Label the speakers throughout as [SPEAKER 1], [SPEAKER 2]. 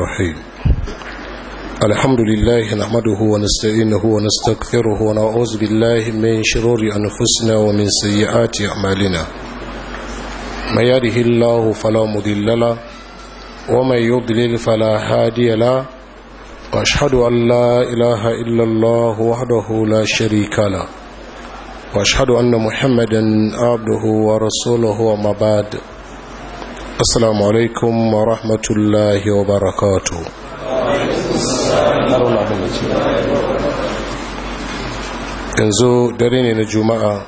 [SPEAKER 1] الرحيم الحمد لله نحمده ونستعينه ونستغفره ونعوذ بالله من شرور أنفسنا ومن سيئات أعمالنا ما يره الله فلا مضل له ومن يضلل فلا هادي له وأشهد أن لا إله إلا الله وحده لا شريك له وأشهد أن محمدا عبده ورسوله وما بعد assalamu alaikum wa rahmatullahi wa barakatu yanzu dare ne na juma'a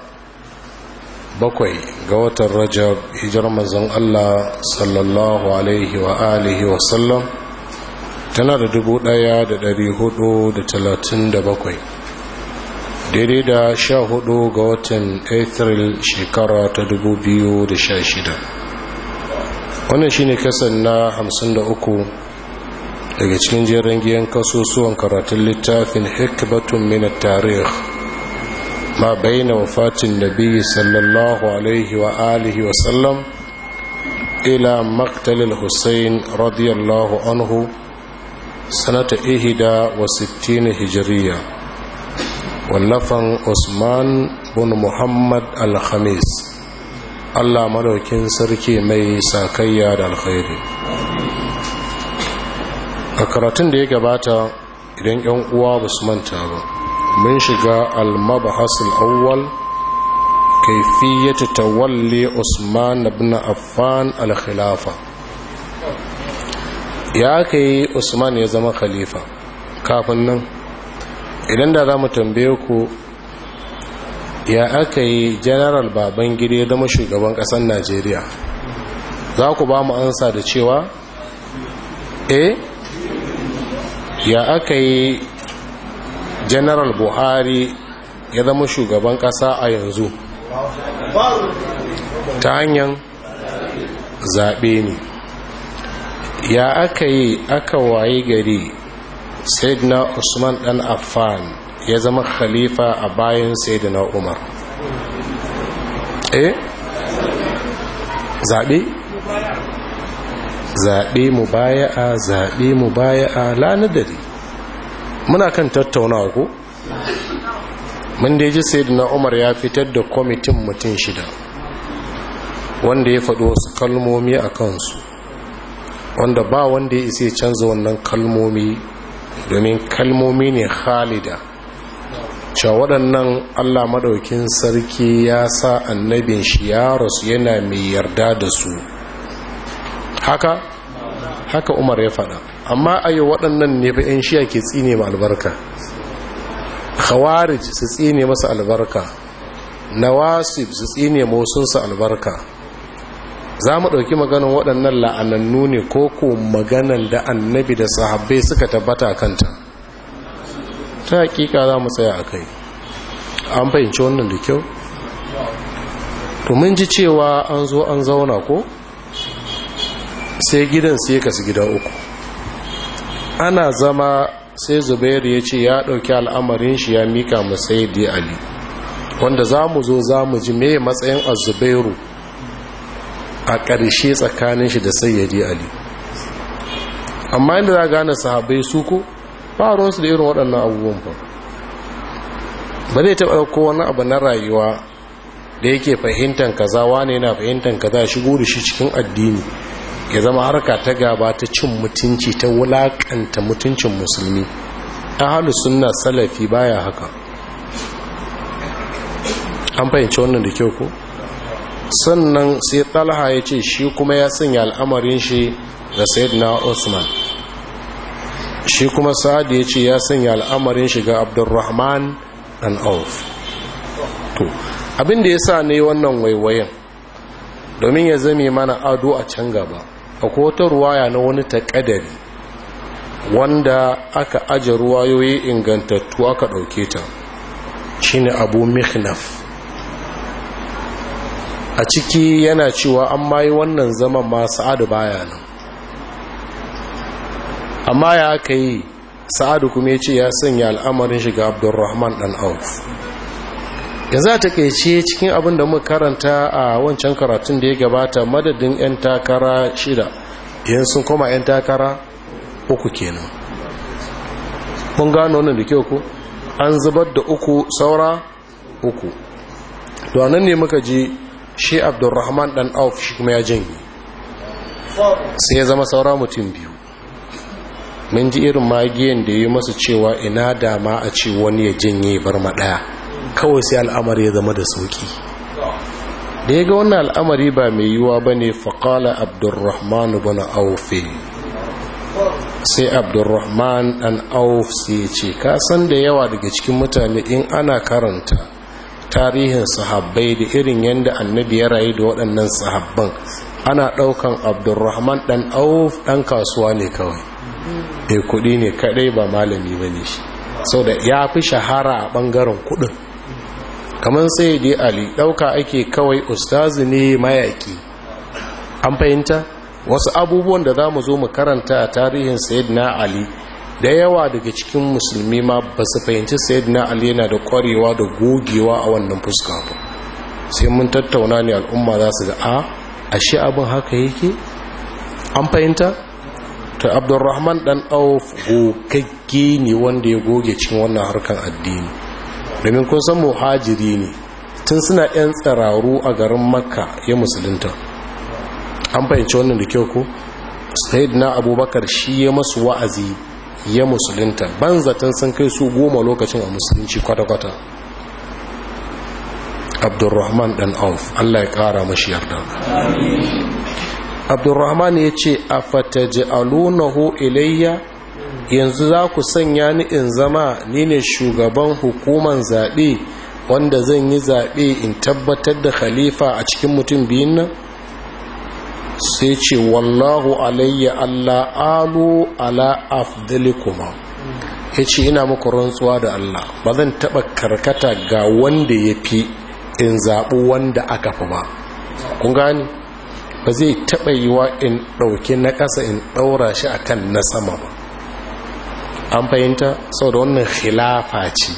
[SPEAKER 1] bakwai ga watan rajab hijar manzon allah sallallahu alaihi wa alihi wa sallam tana da dubu ɗaya da dari hudu da talatin da bakwai daidai da sha hudu ga watan april shekara ta dubu biyu da sha shida wannan shine kasan na 53 daga cikin jerin giyan kasusuwan karatun littafin hikbatun mina tarih ma bayyana wafatin nabiyyi sallallahu alaihi wa alihi wa sallam ila maktalil hussein radiyallahu anhu sanata ihida wa sittin hijiriya wallafan usman bin muhammad al-khamis allah maraukin sarki mai sakayya da alkhairi a karatun da ya gabata idan yan uwa ba su manta ba mun shiga almabahasul awwal kaifiyatu tawalli usman ibn affan al-khilafa ya kai usman ya zama khalifa kafin nan idan da za mu tambaye ku ya aka yi general baban gida ya zama shugaban kasar najeriya za ku ba mu ansa da cewa a eh? ya aka yi general buhari ya zama shugaban kasa a yanzu ta hanyar zaɓe ne ya aka yi aka waye gari sai na usman dan affan ya zama khalifa a bayan da umar eh zaɓe zaɓe mu baya a zaɓe mu baya a lanadari muna kan tattaunawa ku? mun da ji da umar ya fitar da kwamitin mutum shida wanda ya faɗo su kalmomi a kansu wanda ba wanda ya isa canza wannan kalmomi domin kalmomi ne khalida cewa waɗannan allah maɗaukin sarki ya sa annabin shi ya rasu yana mai yarda da su haka haka umar ya faɗa amma ayo waɗannan ne ba 'yan shiya ke tsine ma albarka khawarij su tsine masa albarka nawasib su tsine mosunsa albarka za mu ɗauki maganin waɗannan la'anannu ne ko ko maganan da annabi da sahabbai suka tabbata kanta ta hakika za mu tsaya a kai an fahimci wannan da kyau to mun ji cewa an zo an zauna ko sai gidan sai kasu gida uku ana zama sai zubairu ya ce ya ɗauki al'amarin shi ya mika masai da ali wanda za mu zo za mu ji mai matsayin azubairu a ƙarshe tsakanin shi da sayyadi ali amma inda za gane sahabai su ko ba da irin waɗannan abubuwan ba ba zai taɓa ɗauko wani abu na rayuwa da yake fahimtar kaza ne yana fahimtar kaza shigo da shi cikin addini ya zama harka ta gaba ta cin mutunci ta wulaƙanta mutuncin musulmi ta halu sunna salafi baya haka an fahimci wannan da kyau ko sannan sai talha ya ce shi kuma ya sanya al'amarin shi da na usman shi kuma sa'ad ya ce ya sanya al'amarin shiga abdurrahman dan auf to abin ya sa ne wannan waiwayen domin ya zame mana ado a can gaba a wata ruwaya na wani taƙadari wanda aka aje ruwayoyi ingantattu aka ɗauke ta shine abu mihnaf a ciki yana cewa an mayi wannan zaman ma sa'ad baya nan amma ya aka yi sa'adu kuma ya ce ya sanya al'amarin shiga abdurrahman dan auf za ta takaice cikin abin da muka karanta a wancan karatun da ya gabata madadin 'yan takara shida yin sun koma 'yan takara uku kenan Mun gano nan da kyau ku an zubar da uku saura uku nan ne muka ji shi abdurrahman dan auf shi kuma ya janye sai ya zama saura mutum biyu mun ji irin magiyan da yi masa cewa ina dama a ce wani ya jinye bar maɗaya kawai sai al'amari ya zama da sauki da ya ga wannan al'amari ba mai yiwuwa ba ne faƙala abdurrahmanu bana aufe sai abdurrahman ɗan auf sai ce ka san da yawa daga cikin mutane in ana karanta tarihin sahabbai da irin yadda annabi ya rayu da waɗannan sahabban ana ɗaukan abdurrahman ɗan auf ɗan kasuwa ne kawai mai eh, kudi ne kadai ba malami ba ne shi sau ya fi shahara a bangaren kudin kamar sai dai ali dauka ake kawai ustazi ne mayaki an fahimta wasu abubuwan da za mu zo mu karanta a tarihin sayyidina ali da yawa daga cikin musulmi ma ba su fahimci sayyidina ali yana da kwarewa da gogewa a wannan fuska ba sai mun tattauna ne al'umma za su ga a ashe abin haka yake an fahimta to abdurrahman dan auf gogagge ne wanda ya goge cikin wannan harkar addini domin kun san muhajiri ne tun suna yan tsararu a garin makka ya musulunta an fahimci wannan da kyau ko na abubakar shi ya masu wa'azi ya musulunta ban zaton sun kai su goma lokacin a musulunci kwata-kwata abdurrahman dan auf allah ya kara mashi yarda abdurrahman ya ce a fataji alunahu ilayya yanzu za ku sanya ni in zama ni ne shugaban hukuman zaɓe wanda zan yi zaɓe in tabbatar da khalifa a cikin mutum biyun nan sai ce wallahu alayya allah alu ala afdalikuma ya ce ina muku rantsuwa da allah ba zan taɓa karkata ga wanda ya fi in zaɓi wanda aka fi ba kun gani ba zai taɓa yi wa in ɗauki na ƙasa in ɗaura shi a kan na sama ba an fahimta sau da wannan khilafa ce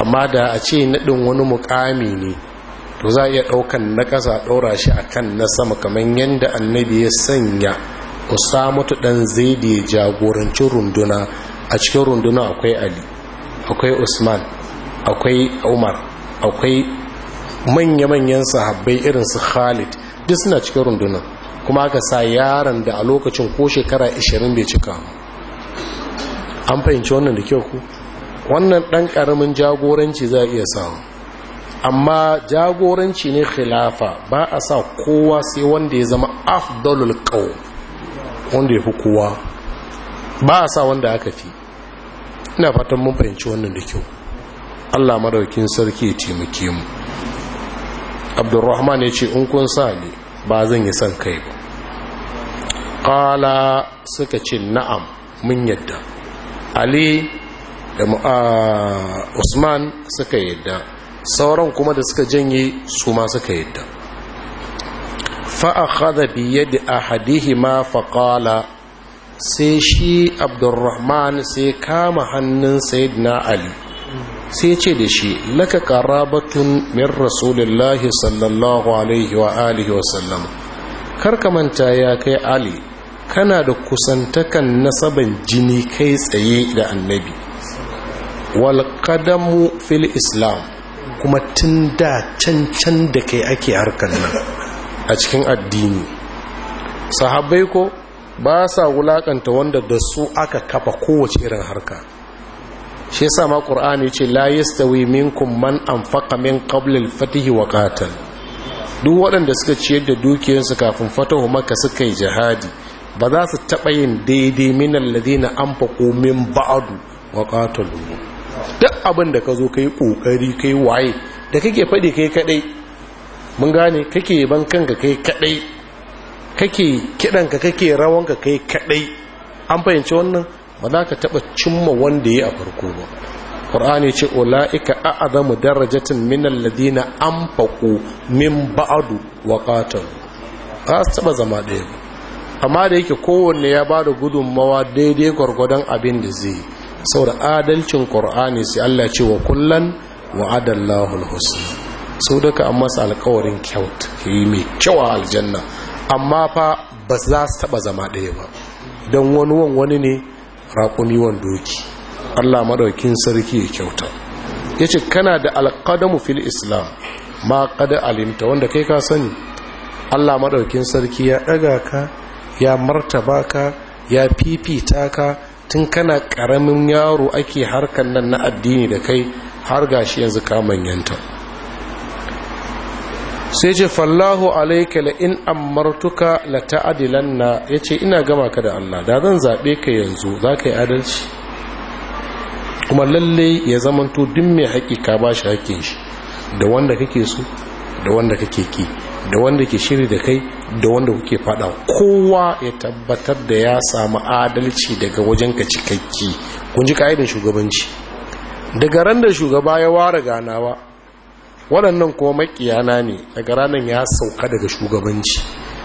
[SPEAKER 1] amma da a ce naɗin wani mukami ne to za a iya ɗaukan na ƙasa ɗaura shi a kan na sama kamar yadda annabi ya sanya usamutu ɗan zaidi jagorancin runduna a cikin runduna akwai ali akwai usman akwai umar akwai manya-manyan sahabbai irin su khalid duk suna cikin rundunar kuma aka sa yaron da a lokacin ko shekara 20 bai cika an fahimci wannan da kyau ku wannan ɗan ƙaramin jagoranci za a iya samu amma jagoranci ne khilafa ba a sa kowa sai wanda ya zama afdalul qaw wanda ya fi kowa ba a sa wanda aka fi ina fatan mun fahimci wannan da kyau Allah madaukin sarki ya taimake mu Abdulrahman ya ce in kun sa ne ba zan yi son kai ba ƙala suka ce na'am mun yadda ali da ah, usman suka yadda sauran kuma da suka janye su ma suka yadda fa'akhadha bi yadi ahadihima faqala sai shi abdurrahman sai kama hannun sayyidina ali sai ce da shi laka karabatun min rasulillahi sallallahu alaihi wa alihi wa sallam manta ya kai ali kana da kusantakan nasaban jini kai tsaye da annabi wal qadamu fil islam kuma tun da cancan da kai ake harkar nan a cikin addini sahabbai ko ba sa wulakanta wanda da su aka kafa kowace irin harka shi yasa ma qur'ani ce la yastawi minkum man anfaqa min qabl al fath wa qatal duk waɗanda suka ciyar da dukiyarsu kafin fatahu maka suka yi jihadi ba za su taɓa yin daidai min alladhina anfaqu min ba'du wa qatalu duk abin da ka zo kai kokari kai waye da kake faɗi kai kadai mun gane kake ban kanka kai kadai kake kidanka kake rawanka kai kadai an fahimci wannan ba za ka taɓa cimma wanda ya yi a farko ba ƙur'ani ce ula'ika a'azamu darajatin min an faƙo min ba'adu wa ƙatar ba su taɓa zama ɗaya ba amma da yake kowanne ya ba da gudunmawa daidai gwargwadon abin da zai sau da adalcin ƙur'ani sai Allah ce wa kullan wa adallahu husna sau duka an masa alkawarin kyaut yi mai kyau a aljanna amma fa ba za su taɓa zama ɗaya ba don wani wani ne raƙumi wandoki allah maɗaukin sarki ya kyauta ya ce kana da alƙadamu fil islam ma ƙada alimta wanda kai ka sani allah maɗaukin sarki ya ɗaga ka ya martaba ka ya fifita ka tun kana ƙaramin yaro ake harkar nan na addini da kai har gashi yanzu ka manyanta sai ce fallahu alaika la in ammartuka la ta'adilanna yace ina gama ka da Allah da zan zaɓe ka yanzu zaka yi adalci kuma lalle ya zamanto duk mai hakika ba shi hakkin shi da wanda kake so da wanda kake ki da wanda ke shiri da kai da wanda kuke fada kowa ya tabbatar da ya samu adalci daga wajen ka cikakki kun ji ka'idar shugabanci daga ran da shugaba ya ware ganawa waɗannan kuma makiyana ne daga ranar ya sauka daga shugabanci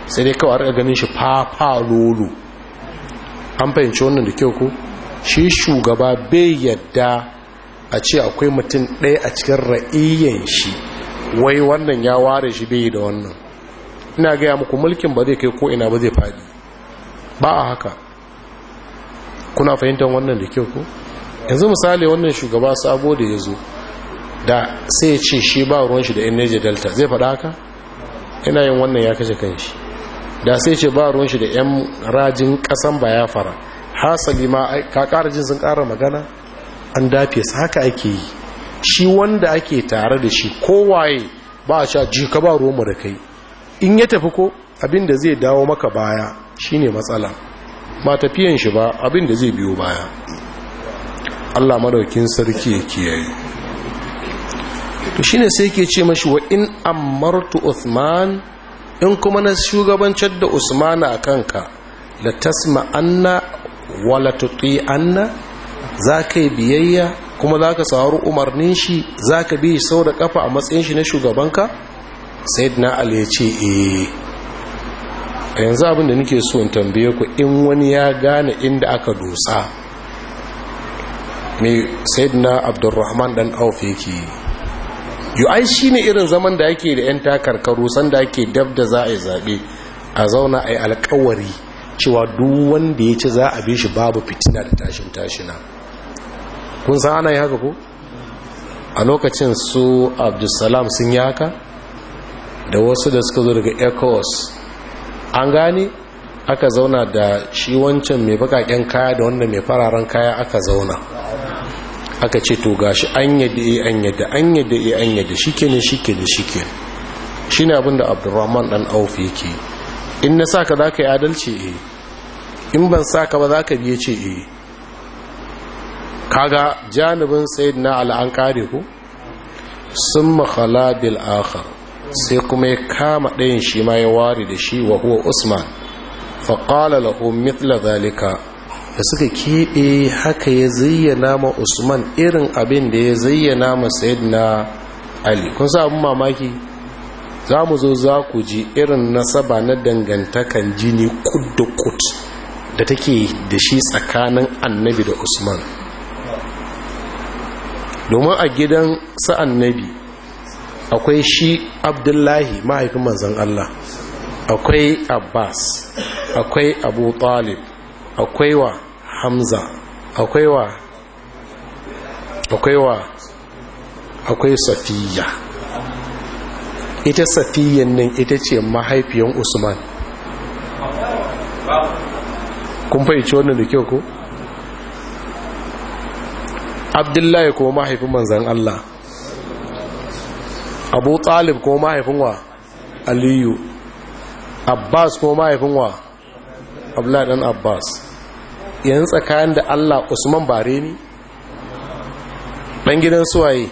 [SPEAKER 1] sai dai kawai rika ganin shi fafa lolo an fahimci wannan da kyau ko shi shugaba bai yadda a ce akwai mutum ɗaya a cikin ra'iyyan shi wai wannan ya ware shi bai da wannan ina gaya muku mulkin ba zai kai ko ina ba zai faɗi ba a haka kuna fahimtar wannan da kyau ko yanzu misali wannan shugaba sabo da ya zo da sai ce shi ba ruwan shi da delta zai faɗa haka ina yin wannan ya kashe kanshi da sai ce ba ruwan shi da yan rajin ƙasan fara hasali ma ka ƙara jin sun ƙara magana an dafe su haka ake yi shi wanda ake tare da shi kowaye ba a sha ji ka ba ruwanmu da kai in ya tafi ko abin da zai dawo maka baya shine matsala ba tafiyan shi ba abin da zai biyo baya Allah madaukin sarki ya kiyaye to shine sai ke ce mashi wa in ammartu Uthman in kuma na shugabancin da Usman a kanka da tasma anna wa tuti anna ka yi biyayya kuma za ka saurari umarnin shi za ka bi sau da kafa a matsayin shi na shugabanka na ali ya ce eh. a yanzu abinda da nake so in tambaye ku in wani ya gane inda aka dosa me sayyidina abdurrahman dan auf yake yi ui ai ne irin zaman da ake da yan takarkaru sanda ake dab da za a yi zaɓe a zauna a yi alkawari cewa duk wanda ya ci za a bi shi babu fitina da tashin tashina kun san ana yi haka ko a lokacin su abdulsalam sun yi haka da wasu da suka zo daga ecos an gane aka zauna da shi wancan mai baƙaƙen kaya da wanda mai fararen kaya aka zauna aka ce to gashi an yadda e an yadda an yadda e an yadda shikenan shikenan shikenan shi ne da Abdurrahman dan Auf yake in na saka ka yi adalci eh in ban saka ba ka biye ce eh kaga janibin sayyidina na an ku sun makhala bil akhar sai kuma ya kama ɗayan shi ma ya ware da shi wa huwa Usman faƙala lahu mithla zalika da suka keɓe haka ya zayyana ma usman irin abin da ya zayyana ma na ali kun sa abin mamaki za mu zo za ku ji irin nasaba na dangantakan jini kud da da take da shi tsakanin annabi da usman domin a gidan sa annabi akwai shi abdullahi mahaifin manzan allah akwai abbas akwai abu talib akwai wa hamza akwai wa akwai wa akwai safiya ita safiyan nan ita ce mahaifiyan usman kun fahimci wannan da kyau ko abdullahi ko mahaifin manzan allah abu talib ko mahaifin wa aliyu abbas ko mahaifin wa abdullahi dan abbas yanzu tsakanin da Allah Usman bare ni dan gidan suwaye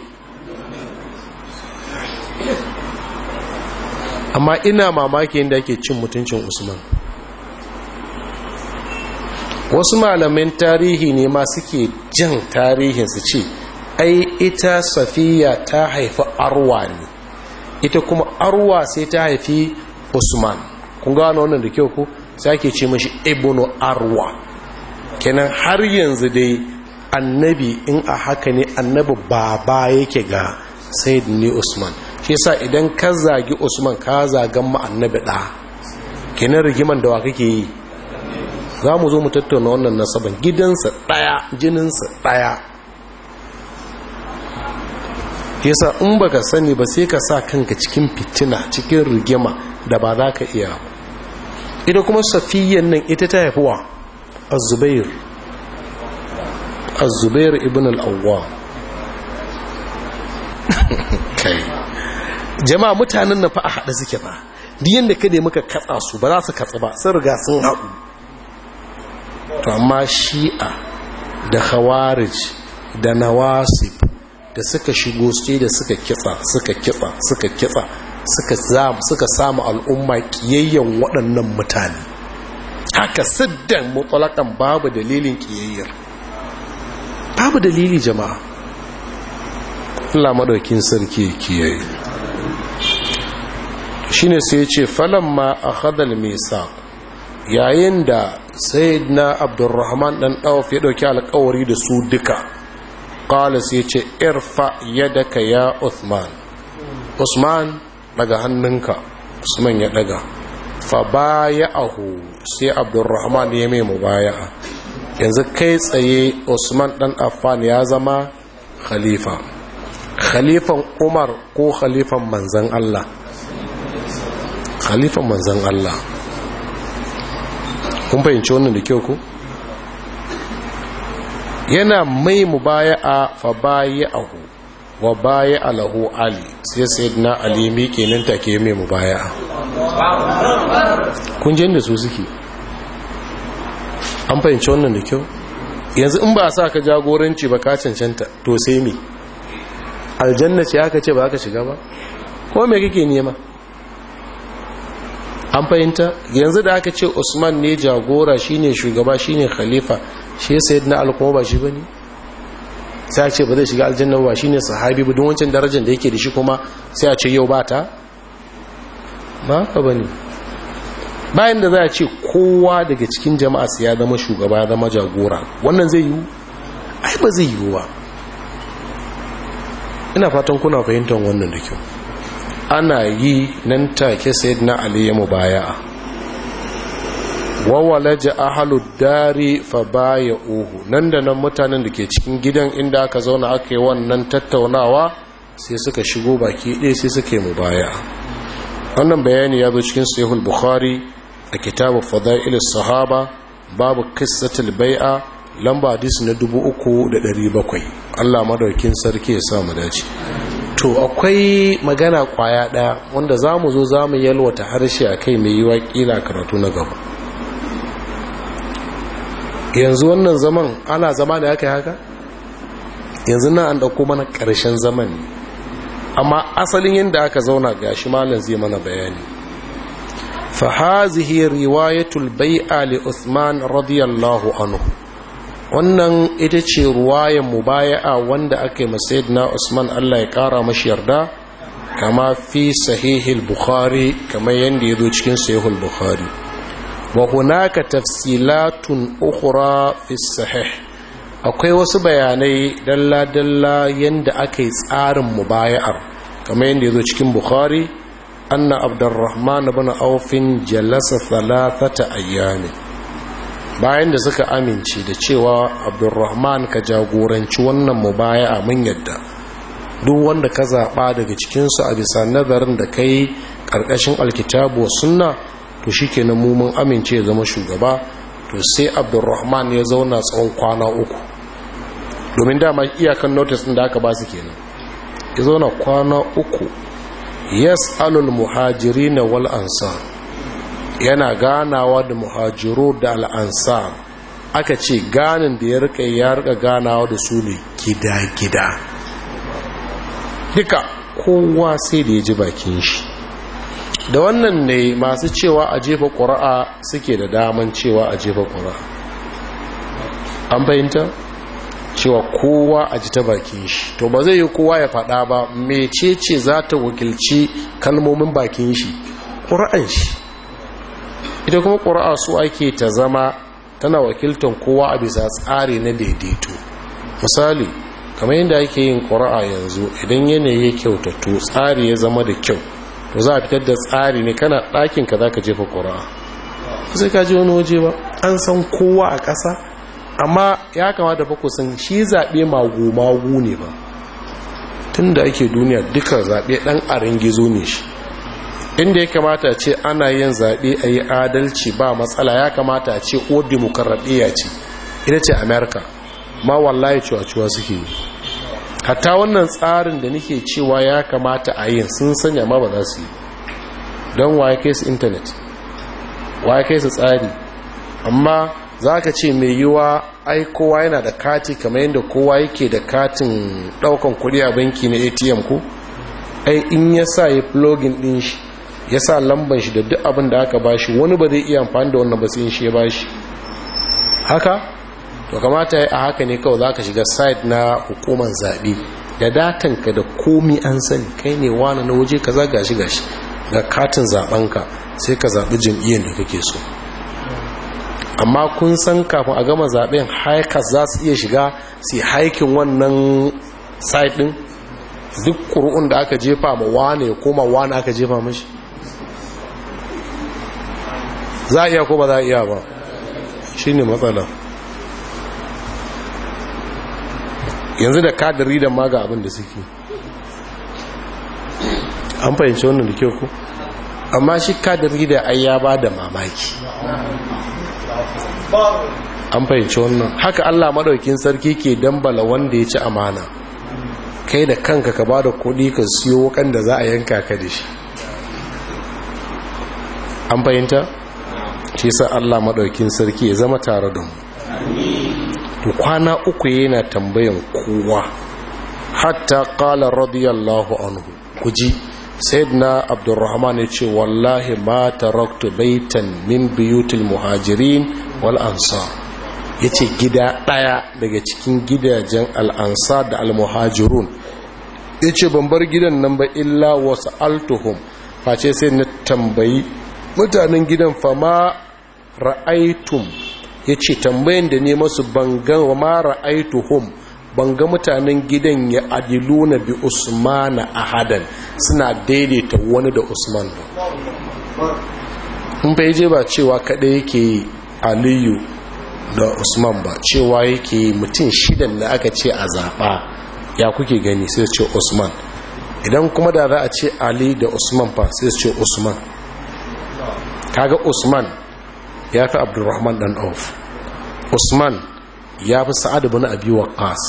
[SPEAKER 1] amma ina mamaki yadda ake cin mutuncin Usman wasu malamin tarihi ne ma suke jin tarihin su ce ai ita safiya ta haifi arwa ne ita kuma arwa sai ta haifi usman kun gano wannan da kyau ku sai ake ce mashi ibnu arwa kenan har yanzu dai annabi in a haka ne annabi baba yake ga said ne usman shi sa idan ka zagi usman ka zagan ma annabi ɗa kenan rigiman da wa kake yi za mu zo mu tattauna wannan nasaban gidansa ɗaya jininsa ɗaya yasa in baka sani ba sai ka sa kanka cikin fitina cikin rigima da ba za ka iya ita kuma safiyan nan ita ta haifuwa الزبير الزبير ابن الأوام jama'a mutanen na fa a haɗa suke ba diyan da muka katsa su ba za su katsa ba sun riga sun haɗu amma shi'a da Hawarij, da Nawasif, da suka shigo sai da suka kitsa suka kitsa suka kitsa suka samu al'umma kiyayyen waɗannan mutane haka siddan mutsalakan babu dalilin kiyayyar babu dalili jama'a Allah madaukin sarki kiyaye shine sai ya ce falamma akhadha al-misaq yayin da na abdurrahman ɗan dawf ya dauki alƙawari da su duka qala sai ya ce irfa yadaka ya usman usman daga hannunka usman ya daga fa baya'ahu sai abdurrahman ya mai mubaya'a yanzu kai tsaye usman dan affan ya zama khalifa khalifan umar ko khalifan manzan allah khalifan manzan allah kun fahimci wannan da kyau ku yana mai mubaya'a fa bayi hu wa baya alahu ali sai sayyidina ali miƙe kenan take mai mu baya kun je su suke an fahimci wannan da kyau yanzu in ba sa ka jagoranci ba ka cancanta to sai me aljanna ce aka ce ba ka shiga ba ko me kake nema an fahimta yanzu da aka ce usman ne jagora shine shugaba shine khalifa shi sayyidina ali ba shi bane sai a ce ba zai shiga aljanna ba shine sahabi ba don wancan darajar da yake da shi kuma sai a ce yau ba ta ba ka bane bayan da za a ce kowa daga cikin jama'a su ya zama shugaba ya zama jagora wannan zai yiwu ai ba zai yiwu ba ina fatan kuna fahimtar wannan da kyau ana yi nan take sayyidina ali ya mubaya'a wawalaja ahalud dari fa baya uhu nan da nan mutanen da ke cikin gidan inda aka zauna aka yi wannan tattaunawa sai suka shigo baki ɗaya sai suka yi mu baya wannan bayani ya zo cikin sahihul bukhari a kitabu fada'il sahaba babu qissatul bai'a lamba hadisi na 3700 Allah madaukin sarki ya sa mu dace to akwai magana kwaya daya wanda zamu zo zamu yalwata harshe akai mai yiwa kila karatu na gaba yanzu wannan zaman ana zama da aka yi haka yanzu na an dauko mana ƙarshen zaman ne amma asalin yadda aka zauna ga shi malam zai mana bayani fahazihi riwayatul bai'a li Usman radiyallahu anhu wannan ita ce ruwayan mubaya'a wanda aka yi na Usman Allah ya kara mashi yarda kama fi sahihil bukhari kamar yadda ya zo cikin sahihul bukhari wa hunaka tafsilatun ukhra fi sahih akwai wasu bayanai dalla dalla yanda aka yi tsarin mubaya'ar kamar yanda yazo cikin bukhari anna abdurrahman ibn aufin jalasa thalathata ayyami bayan da suka amince da cewa abdurrahman ka jagoranci wannan mubaya'a mun yadda duk wanda ka zaɓa daga cikinsu a bisa nazarin da kai ƙarƙashin alkitabu wa sunna to shi kenan mu mun amince ya zama shugaba to sai Abdulrahman ya zauna tsawon kwana uku domin dama iyakan notice ɗin da aka ba su kenan ya zauna kwana uku yas alul muhajiri na wal'ansa yana ganawa da muhajiru da al'ansa. aka ce ganin da ya rika ya rika ganawa da su ne gida-gida duka kowa sai da ya ji bakin shi da wannan ne masu cewa a jefa ƙura'a suke da daman cewa a jefa ƙura'a an fahimta cewa kowa a ji ta bakin shi to ba zai yi kowa ya faɗa ba mecece za ta wakilci kalmomin bakin shi ƙura'an shi ita kuma ƙura'a su ake ta zama tana wakiltar kowa a bisa tsari na daidaito misali kamar yadda ake yin ƙura'a yanzu idan yanayi ya kyautatu tsari ya zama da kyau to za a fitar da tsari ne kana ɗakin ka za ka jefa ƙura'a sai ka je wani waje ba an san kowa a ƙasa amma ya kamata ba ku san shi zaɓe magu-magu ne ba tun da ake duniya duka zaɓe ɗan arin gizo ne shi inda ya kamata ce ana yin zaɓe a yi adalci ba matsala ya kamata ce o ce ita ce amerika ma wallaye cuwa-cuwa suke yi hatta wannan tsarin da nike cewa ya kamata a yin sun sanya ma ba za su yi don waye kai su intanet kai su tsari amma za ka ce mai yiwa ai kowa yana da kati kamar yadda kowa yake da katin daukan kudi a banki na atm ko ai in ya sa ya flogin din shi ya sa lamban shi da duk abin da aka ba shi wani ba zai iya amfani da wannan ba sai shi ya ba shi haka to kamata a haka ne kawai za ka shiga site na hukumar zaɓe da datan ka da komi an sani kai ne wani na waje ka za gashi gashi ga katin ka sai ka zaɓi jam'iyyar da kake so amma kun san kafin a gama zaɓen haikas za su iya shiga su haikin wannan site ɗin duk ƙuri'un da aka jefa ma wane ya koma wane aka jefa mashi za a iya ko ba za a iya ba shi ne matsala yanzu da kadiri da maga abin da suke an fahimci wannan da kyau ku amma shi kadiri da ai ya ba da mamaki an fahimci wannan haka allah maɗaukin sarki ke dambala wanda ya ci amana kai da kanka ka ba da kuɗi ka siyo wakanda za a yanka ka da shi an fahimta shi sa allah maɗaukin sarki ya zama tare da mu to kwana uku yana tambayan kowa hatta kala radiyallahu anhu kuji na abdurrahman ya ce wallahi ma taraktu baitan min biyutul muhajirin wal ansar ce gida daya daga cikin gidajen al'ansa da al muhajirun yace ban bar gidan nan ba illa wasu altuhun, face sai na tambayi mutanen gidan fama ra'aitum ya ce tambayin da ne masu bangan wa mara aituhum banga mutanen gidan ya adiluna bi usmana ahadan suna daidaita wani da usman in bai je ba cewa kada yake yi aliyu da usman ba cewa yake yi mutum shidan da aka ce a zaɓa ya kuke gani sai ce usman idan kuma da za a ce ali da usman fa sai ce usman kaga usman ya fi abdurrahman dan auf usman ya fi sa'ad bin abi waqqas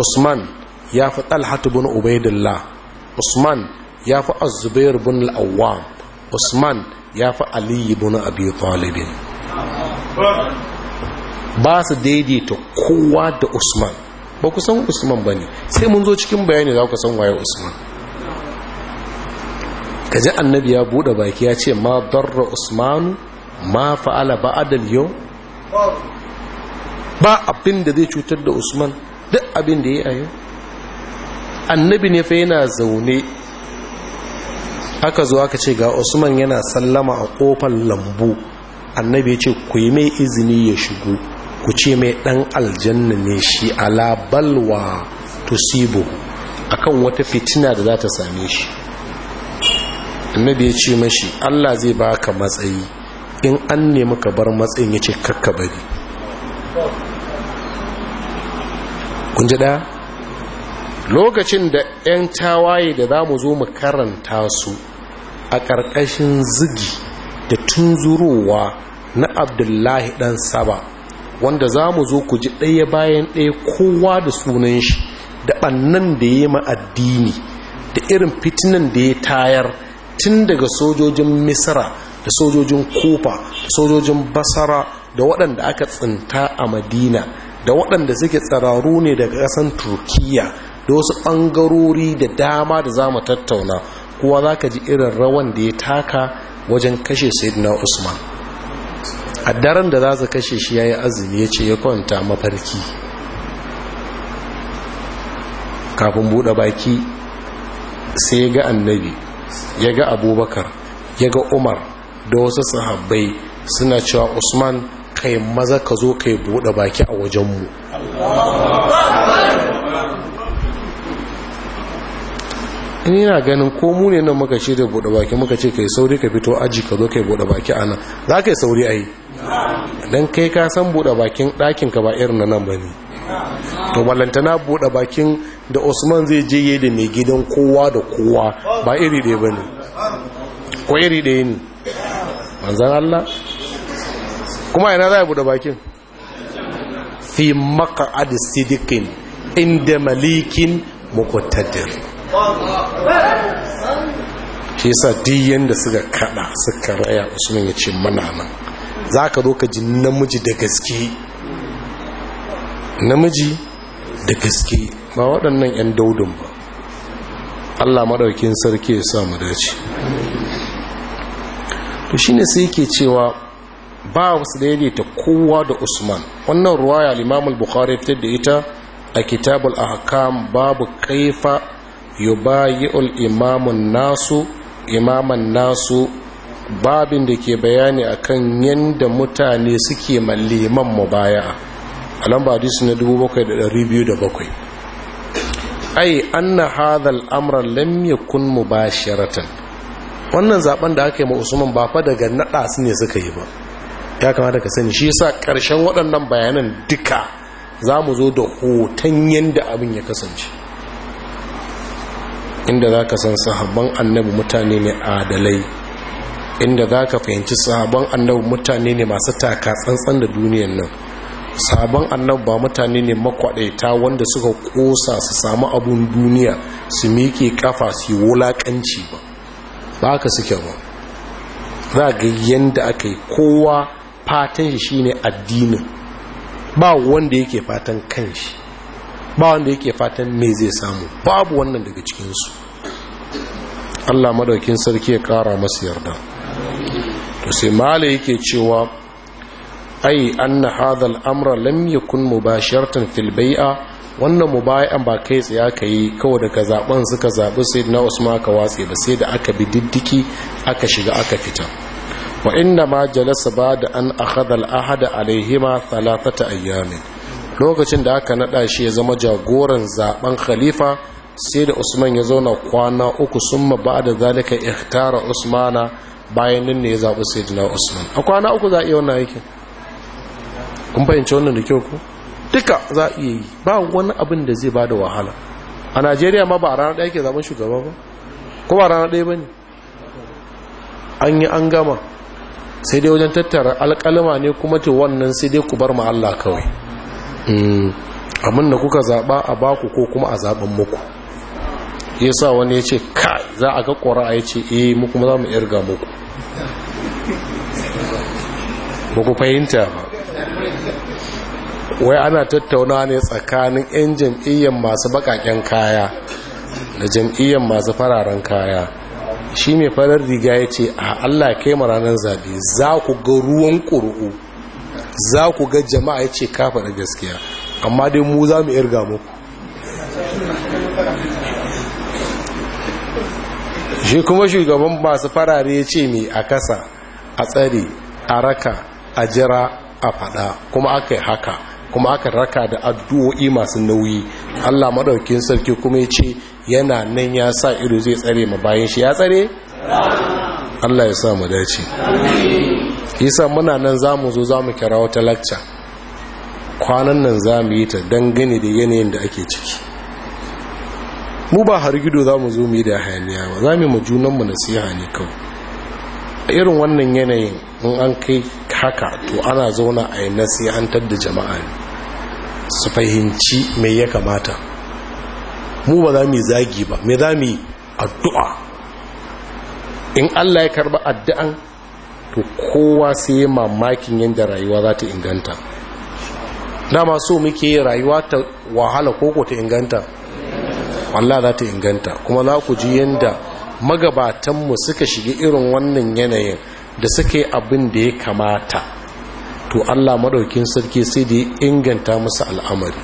[SPEAKER 1] usman ya fi talhat bin ubaidillah usman ya fi az bin al usman ya fi ali bin abi talib ba su daidaita kowa da usman ba ku san usman ba ne sai mun zo cikin bayani za ku san waye usman kaji annabi ya buɗe baki ya ce ma darra usmanu ma fa'ala ba'adal yau ba abin da zai cutar da usman duk abin da ya yi annabi ne fa yana zaune aka zo aka ce ga usman yana sallama a kofar lambu annabi ya ce ku yi mai izini ya shigo ku ce mai ɗan aljanna ne shi ala balwa tusibu akan wata fitina da za ta same shi annabi ya ce mashi allah zai baka matsayi in an nemi ka bar matsayin ya ce kakka bari kun ji ɗaya lokacin da 'yan tawaye da za mu zo mu karanta su a ƙarƙashin zigi da tunzurowa na abdullahi ɗan saba wanda za mu zo ku ji ɗaya bayan ɗaya kowa da sunan shi da ɓannan da ya yi addini da irin fitinan da ya tayar tun daga sojojin misra da sojojin Kofa da sojojin basara da waɗanda aka tsinta a madina da waɗanda suke tsararu ne daga ƙasan turkiya da wasu ɓangarori da dama da za mu tattauna kuwa za ka ji irin rawan da ya taka wajen kashe sayyidina usman a daren da za su kashe shi ya yi azumi ya ce ya kwanta mafarki kafin buɗe baki sai ya ga annabi ya ga abubakar ya ga umar da wasu sahabbai suna cewa usman kai maza ka zo kai buɗe baki a wajenmu in na ganin ko mu ne nan muka ce da buɗe baki muka ce kai sauri ka fito aji ka zo kai buɗe baki a nan za ka yi sauri a yi don kai ka san buɗe bakin ɗakin ka ba irin na nan ba ne to na buɗe bakin da usman zai je da mai gidan kowa da kowa ba iri ɗaya ba ne ko iri ɗaya ne manzan Allah kuma yana za a buɗe bakin fi maka adisidikin inda malikin mukuttadir Ke sa diyan da suka kada suka raya usman ya ce mana nan za ka zo ka ji namiji da gaske namiji da gaske ba waɗannan 'yan Daudun ba Allah maɗaukin sarki ya sa mu dace to shi ne sai ke cewa ba wasu da yadda kowa da usman wannan ruwaya limamul bukhari fitar da ita a kitabul ahkam babu kaifa ul imamun nasu imaman nasu babin da ke bayani akan yadda mutane suke malliman mubaya'a a lamba hadisi na 7207 ai anna hadha al-amra mu ba shiratan wannan zaben da aka yi ma ba fa daga nada su ne suka yi ba ya kamata ka sani shi sa karshen waɗannan bayanan duka za mu zo da hoton yadda abin ya kasance inda za ka san sahabban annabi mutane ne adalai inda za ka fahimci sahabban annabi mutane ne masu taka tsantsan da duniyan nan sabon annabi ba mutane ne makwaɗaita wanda suka ƙosa su samu abun duniya su miƙe kafa su yi wulaƙanci ba ba haka suke ba za ga yadda aka yi kowa fatan shi ne addinin ba wanda yake fatan kanshi ba wanda yake fatan me zai samu babu wannan daga cikinsu allah madaukin sarki ya kara masu yarda to sai mala yake cewa ai anna hadha al-amra lam yakun mubasharatan fil a. wannan mubayan ba kai tsaye aka yi kawai daga zaben suka zaɓi sai na usman ka watsi ba sai da aka bi diddiki aka shiga aka fita wa inna ma jalasa ba da an akhadha al-ahada alaihima thalathata ayyamin lokacin da aka nada shi ya zama jagoran zaben khalifa sai da usman ya zauna kwana uku summa ba'da zalika ikhtara usmana bayan nan ne ya zaɓi sayyidina usman a kwana uku za a iya wannan aikin kun fahimci wannan da kyau ku duka za a iya yi ba wani abin da zai ba da wahala a najeriya ma ba a ranar ɗaya ke zaben shugaba ba ko ba ranar ɗaya ba ne an yi an gama sai dai wajen tattara alƙalima ne kuma ce wannan sai dai ku bar ma Allah kawai hmm. abin da kuka zaba a baku ko kuma a zaɓen muku ya sa wani ya ce kai za a ga ƙwara ya ce eh mu kuma za mu irga muku ba ku fahimta ba wai ana tattauna ne tsakanin 'yan jam'iyyar masu bakaken kaya da jam'iyyar masu fararen kaya shi mai farar riga ya ce a allah kai ranar zabe, za ku ga ruwan ƙuru'u za ku ga jama'a ya ce kafa da gaskiya amma dai mu za mu irga muku shi kuma shugaban masu farare ya ce mai a kasa a tsari a raka a jira a fada kuma aka yi haka kuma aka raka da addu'o'i masu nauyi Allah maɗaukin sarki kuma ya ce yana nan ya sa ido zai tsare ma bayan shi ya tsare Allah ya sa mu dace isa muna nan za mu zo za mu kira wata lakca kwanan nan za mu yi ta dangane da yanayin da ake ciki mu ba har gido za mu zo mu yi da hayaniya ba za mu yi junanmu nasiha ne kawai irin wannan yanayin in an kai haka to ana zauna a yi nasihantar da jama'a ne su fahimci mai ya kamata mu ba za mu zagi ba mai za mu yi addu'a in allah ya karba addu'an to kowa sai yi mamakin yadda rayuwa za ta inganta dama so muke rayuwa ta wahala koko ta inganta wallah za ta inganta kuma za ku ji yadda magabatanmu suka shiga irin wannan yanayin da yi abin da ya kamata to allah maɗaukin sarki sai da ya inganta masa al'amari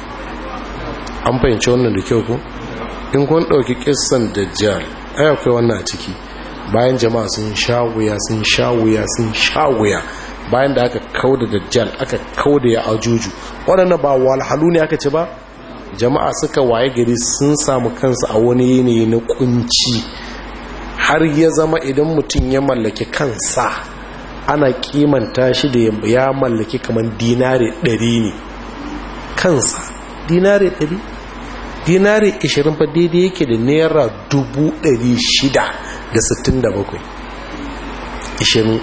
[SPEAKER 1] an fahimci wannan da kyau ku in kun ɗauki ƙisan dajjal ai akwai wannan a ciki bayan jama'a sun shawuya sun shawuya sun shawuya bayan da aka kauda dajjal aka kauda ya ajuju waɗanda ba walhalu ne aka ci ba jama'a suka waye gari sun samu kansa a wani yanayi na kunci har ya zama idan mutum ya mallaki kansa ana kimanta shi da ya mallaki kamar dinari ɗari ne kansa dinari ɗari dinari ishirin fa daidai yake da naira dubu ɗari shida da sittin da bakwai ishirin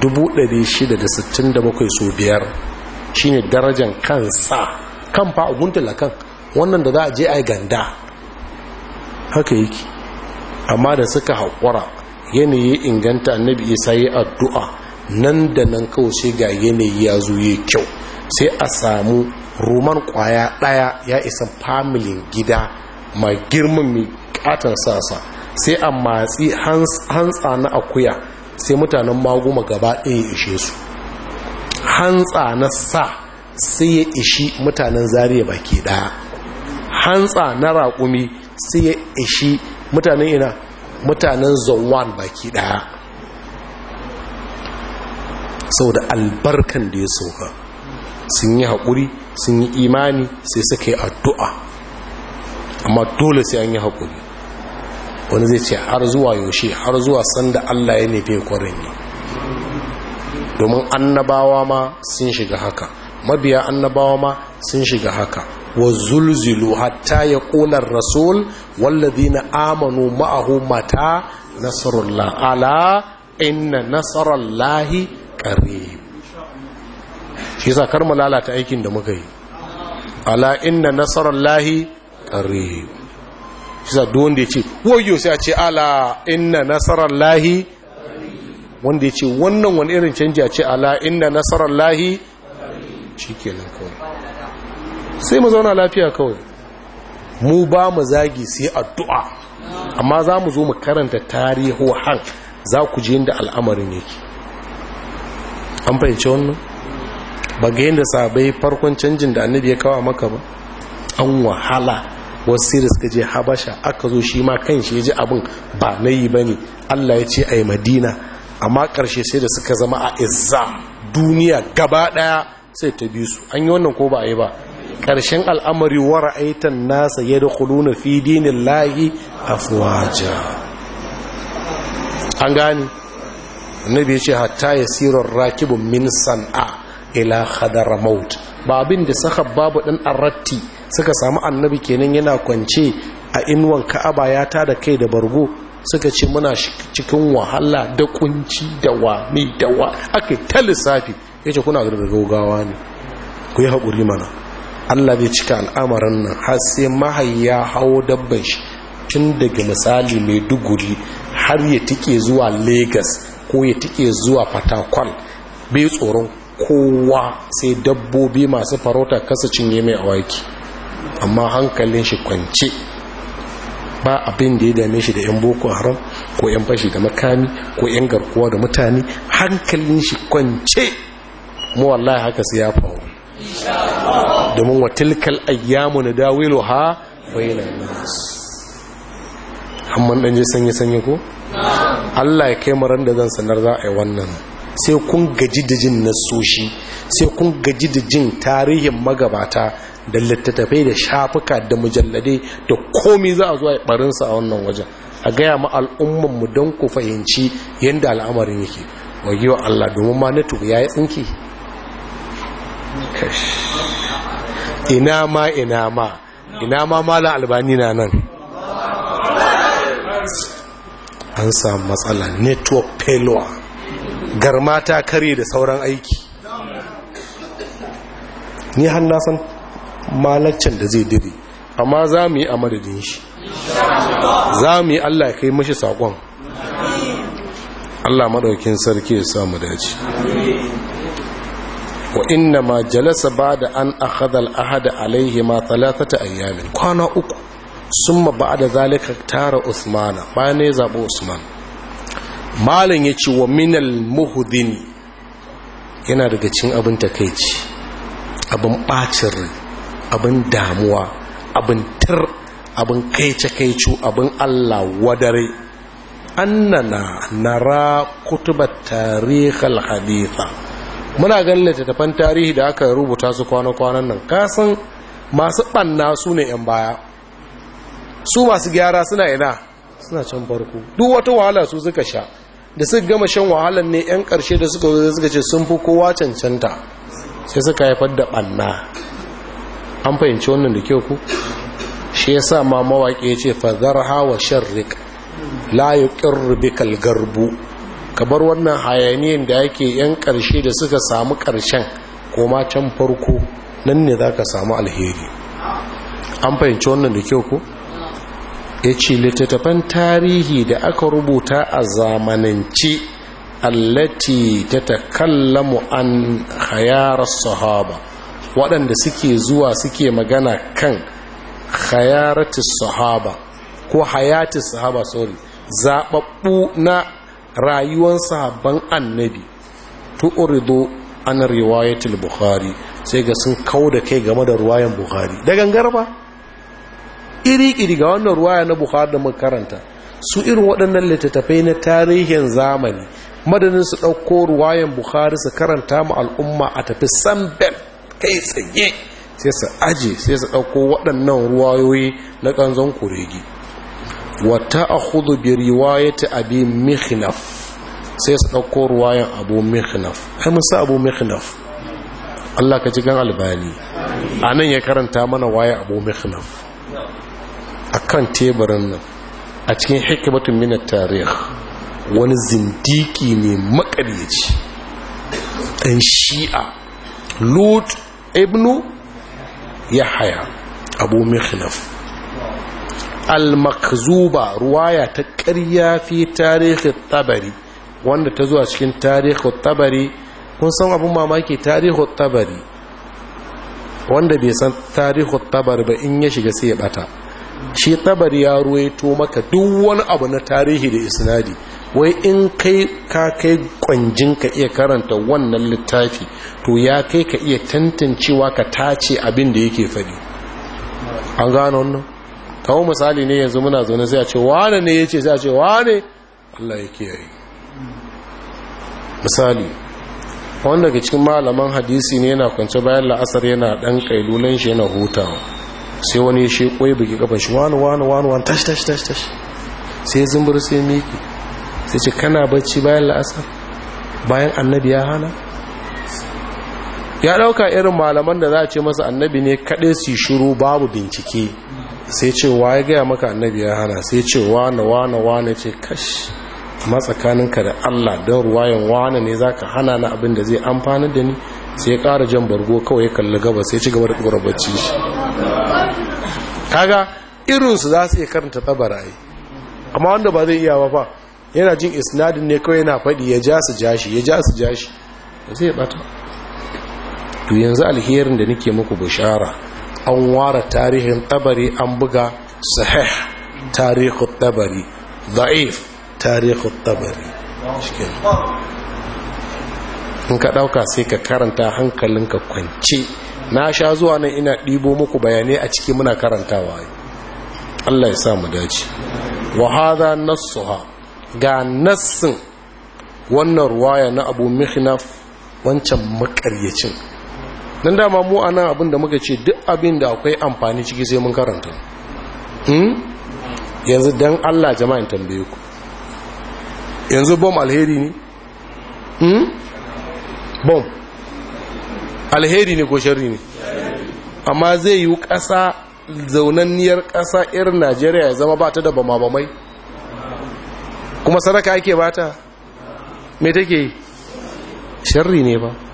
[SPEAKER 1] dubu ɗari shida da sittin da bakwai so biyar shine darajan kansa kan fa guntula kan wannan da za a je a yi ganda haka yake amma da suka haƙura yanayi inganta annabi isa yi addu'a nan da nan kawo sai ga yanayi ya zo ya kyau sai a samu roman kwaya ɗaya ya isa familin gida ma girman mai katon sasa sai a matsi hantsa na akuya sai mutanen magoma gaba ɗaya ishe su hantsa na sa sai ya ishi mutanen zariya baki ɗaya hantsa na raƙumi sai ya ishi mutanen ina mutanen zonwan baki daya sau albarkan da ya sauka sun yi haƙuri sun yi imani sai suka yi addu'a amma dole sai an yi haƙuri wani zai ce har zuwa yaushe har zuwa sanda allah ya nufe kwarin ne domin annabawa ma sun shiga haka mabiya annabawa ma sun shiga haka wa zulzilu hatta ya ƙunar rasul na amanu ma'ahu mata nasarullah ala inna nasarallahi kare. shi sa kar mu lalata aikin da muka yi ala inna nasarallahi qarib shi yasa duk wanda ce woyo sai a ce ala inna nasarallahi wanda ya ce wannan wani irin canji a ce ala inna nasarallahi ci kenan kawai sai mu zauna lafiya kawai mu ba mu zagi sai addu'a amma za mu zo mu karanta tarihu har za ku ji yadda al'amarin yake an fahimci wannan ba ga yadda sabai farkon canjin da annabi ya kawo maka ba an wahala wasu da suka je habasha aka zo shi ma kan shi ya ji abin ba na yi ba ne allah ya ce a yi madina amma karshe sai da suka zama a izza duniya gaba ɗaya sai ta bi su an yi wannan ko ba a yi ba ƙarshen al'amari wa ra'aitan nasa ya da na fi dinin lahi afuwaja an gani annabi ya ce hatta ya sirar rakibin min san'a ila hadar maut ba abin da saka babu ɗan arratti suka samu annabi kenan yana kwance a inuwan ka'aba ya da kai da bargo suka ce muna cikin wahala da kunci da wa mai da wa aka ta lissafi ya ce kuna da gaugawa ne ku yi haƙuri mana allah zai cika al'amarin nan har sai mahayya hawo dabban shi tun daga misali mai duguri har ya tike zuwa lagos ko ya tike zuwa fatakwal bai tsoron kowa sai dabbobi masu farauta kasa cinye mai awaki amma hankalin shi kwance ba abin da ya dame shi da 'yan boko haram ko 'yan fashi da makami ko 'yan garkuwa da mutane hankalin shi kwance mu wallahi haka sai ya faru domin wa tilkal ayyamu nadawilu ha bainan nas amma dan je sanye sanye ko Allah ya kai maran da zan sanar za a yi wannan sai kun gaji da jin nasoshi sai kun gaji da jin tarihin magabata da littattafai da shafuka da mujalladai da komi za a zuwa ya barinsa a wannan wajen a gaya ma mu don ku fahimci yadda al'amarin yake wajewa Allah domin ma na ya yi tsinki ina ma ina ma ina ma albani na nan an samu matsala network failure garma ta kare da sauran aiki ni har na san malaccin da zai dire amma za mu yi a madadin shi za mu yi allah kai mashi saƙon allah maɗaukin sarki ya samu daji. wa'inna inna ma jalasa ba da an akhadha ahada alaihi ma ta ayyamin kwana uku summa da zalika tara usmana bayan ya zabo usman malam ce wa minal muhudin yana daga cin abin takaici abin ɓacin, abin damuwa abin tir abin kaice-kaicu abin allah wadare annana nara kutubar tarihal haditha muna ganin littattafan tarihi da aka rubuta su kwana-kwanan nan kasan masu ɓanna su ne 'yan baya su masu gyara suna ina suna can farko duk wata wahala su suka sha da suka gama shan wahalar ne 'yan karshe da suka zo suka ce sun fi kowa cancanta sai suka haifar da ɓanna an fahimci wannan da kyau ku shi ya sa ma mawaƙi ya ce fazar hawa sharrik la yi ƙirribi kalgarbu. kabar wannan hayaniyan da yake yan ƙarshe da suka samu ƙarshen koma can farko nan ne za ka samu alheri an fahimci wannan da kyau ko ya ce littattafan tarihi da aka rubuta a zamanance allati ta takallamu an hayarar sahaba waɗanda suke zuwa suke magana kan hayaratis sahaba ko hayatis sahaba sauri zaɓaɓɓu na rayuwar sahabban annabi tu'ridu an riwayatul bukhari sai ga sun kauda kai game da ruwayan bukhari da gangar ba iri iri ga wannan ruwaya na bukhari da makaranta su irin waɗannan littattafai na tarihin zamani madadin su ɗauko ruwayan bukhari su karanta mu al'umma a tafi sambel kai tsaye sai su aje sai su ɗauko waɗannan ruwayoyi na ƙanzon kuregi wata a hudu bi riwayata abi mikhnaf sai su ɗauko ruwayen abu mikhnaf ai musa abu mikhnaf Allah ka ji gan albani a nan ya karanta mana waye abu mikhnaf a kan teburin nan a cikin hikimatun minar tarih wani zindiki ne makaryaci ɗan shi'a lut ibnu ya haya abu mikhnaf al-makzuba ruwaya ta ƙarya fi tarihi tabari wanda ta zuwa cikin tarihi tabari kun san abin mamaki tarihi tabari wanda bai san tarihi tabari ba in ya shiga sai ya bata shi tabari ya ruwaito maka duk wani abu na tarihi da isnadi wai in kai ka kai kwanjin ka iya karanta wannan littafi to ya kai ka iya tantancewa ka tace abin da yake faɗi an gano wannan kawo misali ne yanzu muna zaune sai a ce wane ne ya ce sai a ce wane Allah ya kiyaye misali Wani daga cikin malaman hadisi ne yana kwance bayan la'asar yana dan kailulan shi yana hutawa sai wani shi koyi buki kafan shi wani wani wani wani tash tash tash tash sai zumbur sai miki sai ce kana bacci bayan la'asar bayan annabi ya hana ya dauka irin malaman da za a ce masa annabi ne kaɗai su shiru babu bincike sai ce wa ya gaya maka annabi ya hana sai ce wane wane wane ce kashi amma da Allah don ruwayan wane ne zaka hana na abin da zai amfani da ni sai ya jan bargo kawai ya kalli gaba sai ci gaba da tsoron bacci shi kaga irinsu za su iya karanta tabara amma wanda ba zai iya ba fa yana jin isnadin ne kawai yana faɗi ya ja su ja shi ya ja su ja shi ba zai bata to yanzu alherin da nake muku bishara an ware tarihin tabari an buga sahih tarihin tabari za'if tarihin tabari in ka ɗauka sai ka karanta hankalinka kwance na sha zuwa nan ina ɗibo muku bayanai a ciki muna karantawa Allah ya sa mu dace wa hadha nassuha ga nassin wannan ruwaya na Abu Mihnaf wancan makaryacin don dama mu a nan abin muka ce duk abinda akwai amfani ciki sai mun karanta hmm? yanzu don allah jama'in tambaye ku yanzu bom alheri ne hmm? bom alheri ne ko shari ne amma zai yi ƙasa zaunanniyar ƙasa irin najeriya ya zama bata ta da bama-bamai kuma sadaka ake bata mai take yi shari ne ba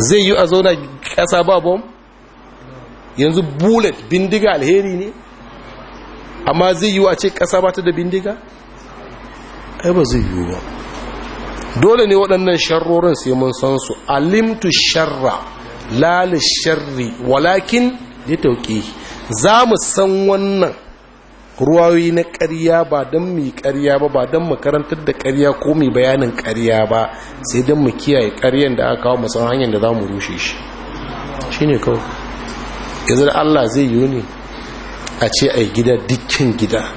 [SPEAKER 1] zai yi a zauna ƙasa ba bom yanzu bullet bindiga alheri ne amma zai yi a ce ƙasa ba ta da bindiga ai ba zai yi ba dole ne waɗannan sharrorin sai mun san su alimtu sharra lalish sharri walakin da tauke za mu san wannan ruwayoyi na ƙarya ba don mai ƙarya ba ba don mu da ƙarya ko mai bayanin ƙarya ba sai don mu kiyaye ƙaryan da aka kawo musan hanyar da za mu rushe shi shi ne kawai yanzu allah zai yi ne a ce a gida dukkan gida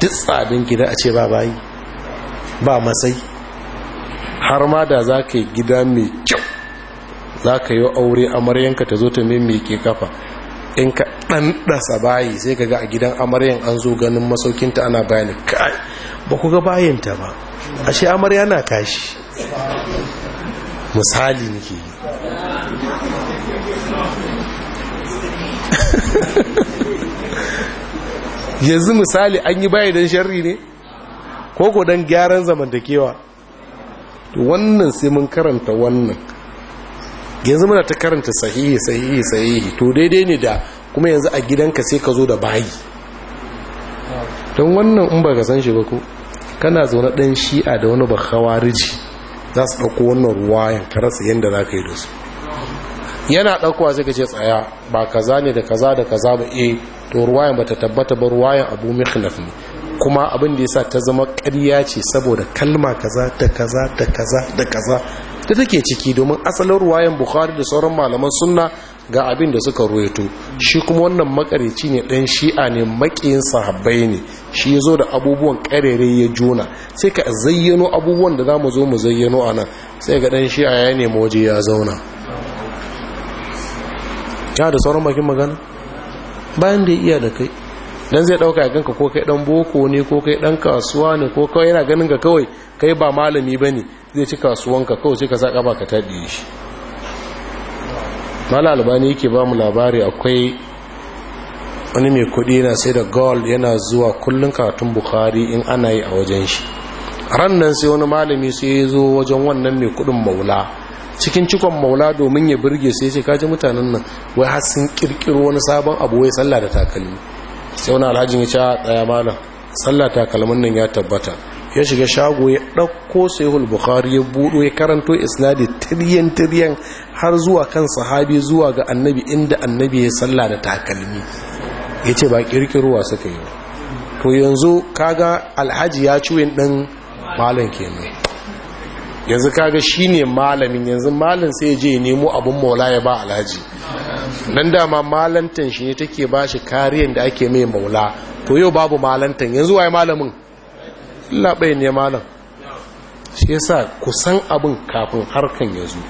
[SPEAKER 1] duk tsadin gida a ce ba bayi ba matsayi har ma da za ka yi gida mai kyau za ka yi aure amaryanka ta zo ta ke kafa in ka ɗanɗasa bayi sai kaga a gidan amaryan an zo ganin masaukinta ana bayani kai ba ku ga bayinta ba ashe amarya na kashi misali nake yi yanzu misali an yi bayi don sharri ne ko ko don gyaran zamantakewa wannan sai mun karanta wannan yanzu muna ta karanta sahihi sahihi sahihi to daidai ne da kuma yanzu a gidanka sai ka zo da bayi don wannan in ba ka san shi ba ko kana zaune ɗan shi'a da wani riji za su ɗauko wannan ruwa ka karasa yadda za ka yi da su yana ɗaukowa sai ka ce tsaya ba kaza ne da kaza da kaza ba e to ruwayan ba ta tabbata ba ruwayan abu mikhlaf ne kuma abin da ya sa ta zama ƙarya ce saboda kalma kaza da kaza da kaza da kaza ta take ciki domin asalin ruwayan bukhari da sauran malaman sunna ga abin da suka ruwaito shi kuma wannan makarici ne ɗan shi'a ne makiyin sahabbai ne shi ya zo da abubuwan ƙarere ya juna sai ka zayyano abubuwan da za mu zo mu zayyano a nan sai ga ɗan shi'a ya nemi waje ya zauna ya da sauran bakin magana bayan da ya iya da kai dan zai dauka ya ganka ko kai dan boko ne ko kai dan kasuwa ne ko kawai yana ganin ka kawai kai ba malami ba ne zai ci kasuwanka kawai sai ka sa ba ka taɗi shi mala albani yake ba mu labari akwai wani mai kudi yana sai da gold yana zuwa kullum karatun bukhari in ana yi a wajen shi ran nan sai wani malami sai ya zo wajen wannan mai kudin maula cikin cikon maula domin ya birge sai ce kaji mutanen nan wai har sun kirkiro wani sabon abu wai sallah da takalmi sai wani alhajin ya ce daya malam sallah takalmin nan ya tabbata ya shiga shago ya ɗauko sahihul bukhari ya buɗo ya karanto isnadi tiryan tiryan har zuwa kan sahabi zuwa ga annabi inda annabi ya salla da takalmi ya ce ba kirkirwa suka yi to yanzu kaga alhaji ya ci ciwin ɗin malam kenan yanzu kaga shi ne malamin yanzu malam sai je nemo abin maula ya ba alhaji nan dama malantan shi ne take ba shi kariyan da ake mai maula to yau babu malantan yanzu waye malamin labai ne malam shi yasa ku san abin kafin harkan ya zo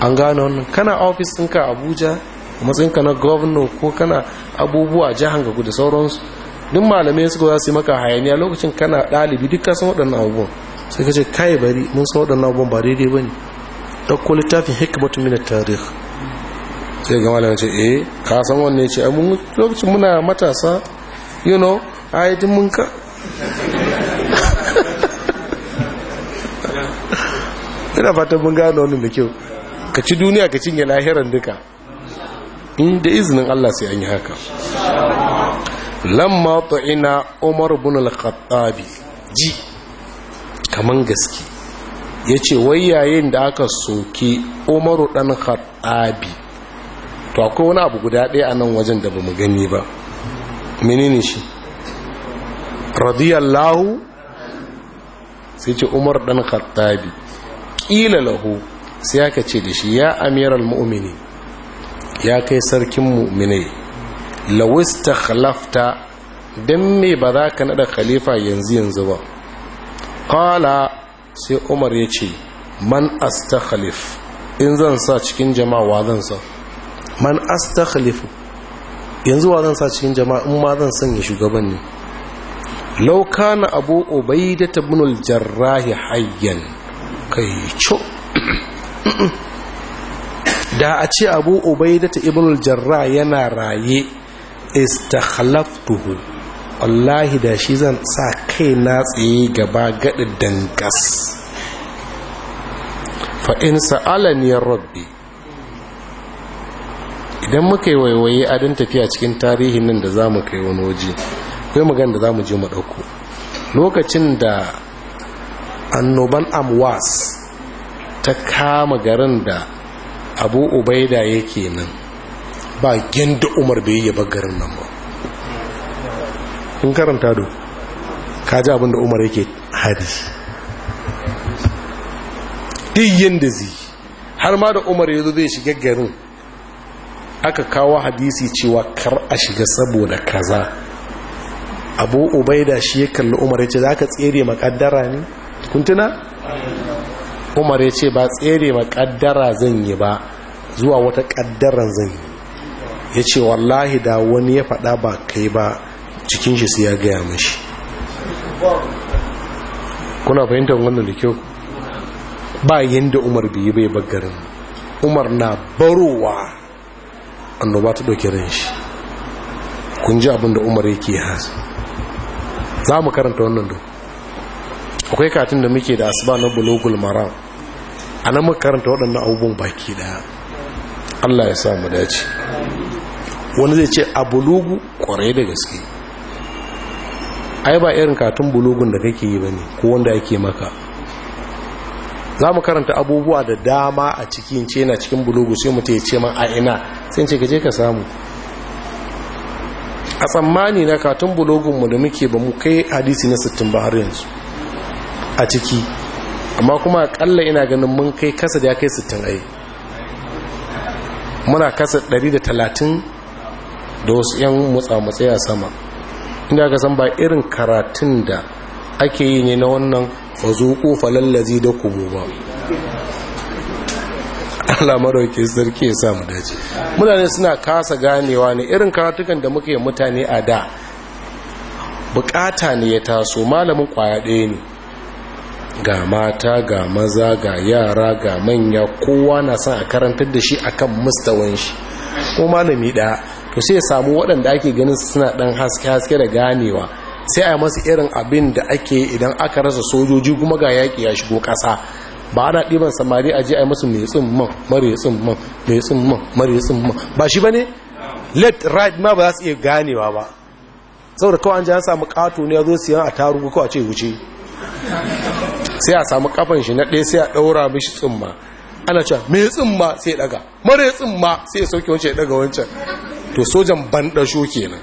[SPEAKER 1] an gane wannan kana ofis ɗinka abuja matsayinka na governor ko kana abubuwa jihar ga da sauransu duk malamai suka za su yi maka hayaniya lokacin kana ɗalibi duk sun san waɗannan abubuwan sai ka ce kai bari mun san waɗannan abubuwan ba daidai ba ne ɗauko littafin hikmatu min tarih sai ga malamai ce eh ka san wannan ce mun lokacin muna matasa you know ai mun ka ina fatan mun gano wannan da kyau ka ci duniya ka cinye lahiran duka da izinin Allah sai an yi haka lamma ta'ina Umar ibn al-Khattab ji kaman gaske yace wai yayin da aka soke umaru dan Khattab to akwai wani abu guda ɗaya a nan wajen da bamu gani ba menene shi radiyallahu sai ce Umar dan Khattabi qila lahu sai aka ce da shi ya amiral mu'mini ya kai sarkin mu'minai law istakhlafta don me ba za ka naɗa khalifa yanzu yanzu ba qala sai umar ya ce man astakhlif in zan sa cikin jama'a wa zan sa man astakhlif yanzu wa zan sa cikin jama'a in ma zan sanya shugaban ne law kana abu ubaidah ibn al-jarrah hayyan kai co da a ce abu ubaidata ibn jarra yana raye istakhlaftuhu wallahi da shi zan sa kai na tsaye gaba gadi dangas fa in sa'alani rabbi idan muka yi waiwaye adin tafiya cikin tarihin nan da za mu kai wani waje kai magana da za mu je mu ɗauko lokacin da annoban amwas ta kama garin da abu ubaida yake nan ba yadda umar bai yaba garin nan ba in karanta do kaji abinda umar yake hadi duk da zai har ma da umar yanzu zai shiga garin aka kawo hadisi cewa kar a shiga saboda kaza abu ubaida shi ya kalli umar ya ce za ka tsere makaddara ne kuntuna umar ya ce ba tsere ma kaddara zan yi ba zuwa wata kaddara zan yi ya ce wallahi da wani ya faɗa ba kai ba cikin shi su ya gaya mashi kuna fahimtar wannan da kyau ba yadda umar biyu bai bagarin umar na barowa annoba ta ɗauki ran shi kun ji abin umar yake hasa za mu karanta wannan doku akwai katin da muke da asuba na bulogul mara a nan makaranta waɗannan abubuwan baki ɗaya allah ya samu dace wani zai ce a bulugu ƙwarai da gaske ai ba irin katin bulugun da kake yi ba ne ko wanda ake maka za mu karanta abubuwa da dama a cikin ce na cikin bulugu sai mu ce ma a ina sai ce gaje ka samu a tsammani na katin bulugunmu da muke ba mu kai hadisi na sittin ba har yanzu a ciki amma kuma kalla ina ganin mun kai kasa da ya kai 60 ai muna kasa 130 da wasu 'yan mutsa-mutsa ya sama inda ka san ba irin karatun da ake yi ne na wannan fazuku falallazi da kubo ba Allah marauke sarki ya samu dace mutane suna kasa ganewa ne irin karatukan da muke mutane a da bukata ne ya taso malamin kwaya ɗaya ne ga mata ga maza ga yara ga manya kowa na son a karantar da shi akan mustawan shi ko malami ɗaya to sai samu waɗanda ake ganin suna ɗan haske-haske da ganewa sai a masu irin abin da ake idan aka rasa sojoji kuma ga yaki ya shigo ƙasa ba ana ɗiban samari a je a yi masu mai man mare man mai man mare man ba shi ba ne let right ma ba za su iya ganewa ba saboda kawai an ji an samu ƙato ne ya zo siyan a ko a ce wuce sai a samu kafan shi na ɗaya sai a ɗaura mishi tsumma ana cewa mai tsumma sai daga mare tsumma sai sauke wancan ya daga wancan to sojan bandasho kenan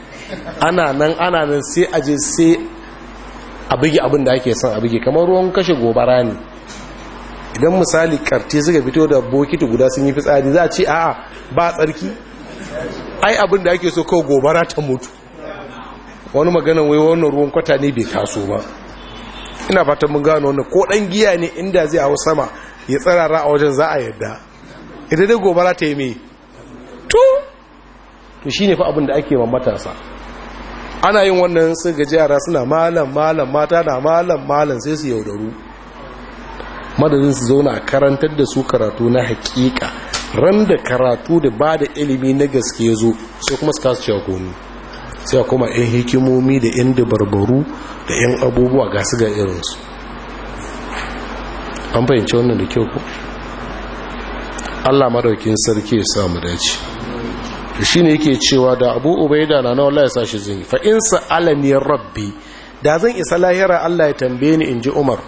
[SPEAKER 1] ana nan ana nan sai a je sai a bugi abin da ake son a bugi kamar ruwan kashe gobara ne idan misali karti suka fito da bokiti guda sun yi fitsari za a ce a'a ba tsarki ai abin da ake so kawai gobara ta mutu wani maganan wai wannan ruwan kwata ne bai taso ba ina fatan mun gano wannan ko ɗan giya ne inda zai hau sama ya tsarara a wajen za a yadda ita dai gobara ta yi mai to to shine fa abin da ake ma matasa ana yin wannan sun gaji yara suna malam malam mata da malam malam sai su yaudaru madadin su zauna a karantar da su karatu na hakika randa karatu da ba da ilimi na gaske ya zo sai kuma su kasu cewa goni sai kuma yan hikimomi da yan dabarbaru da yan abubuwa ga su ga irinsu an fahimci wannan da kyau ku allah madaukin sarki ya samu dace to ne yake cewa da abu ubaida na nawa ya sashi zai yi fa in sa alamiyar rabbi da zan isa lahira allah ya tambaye ni in ji umar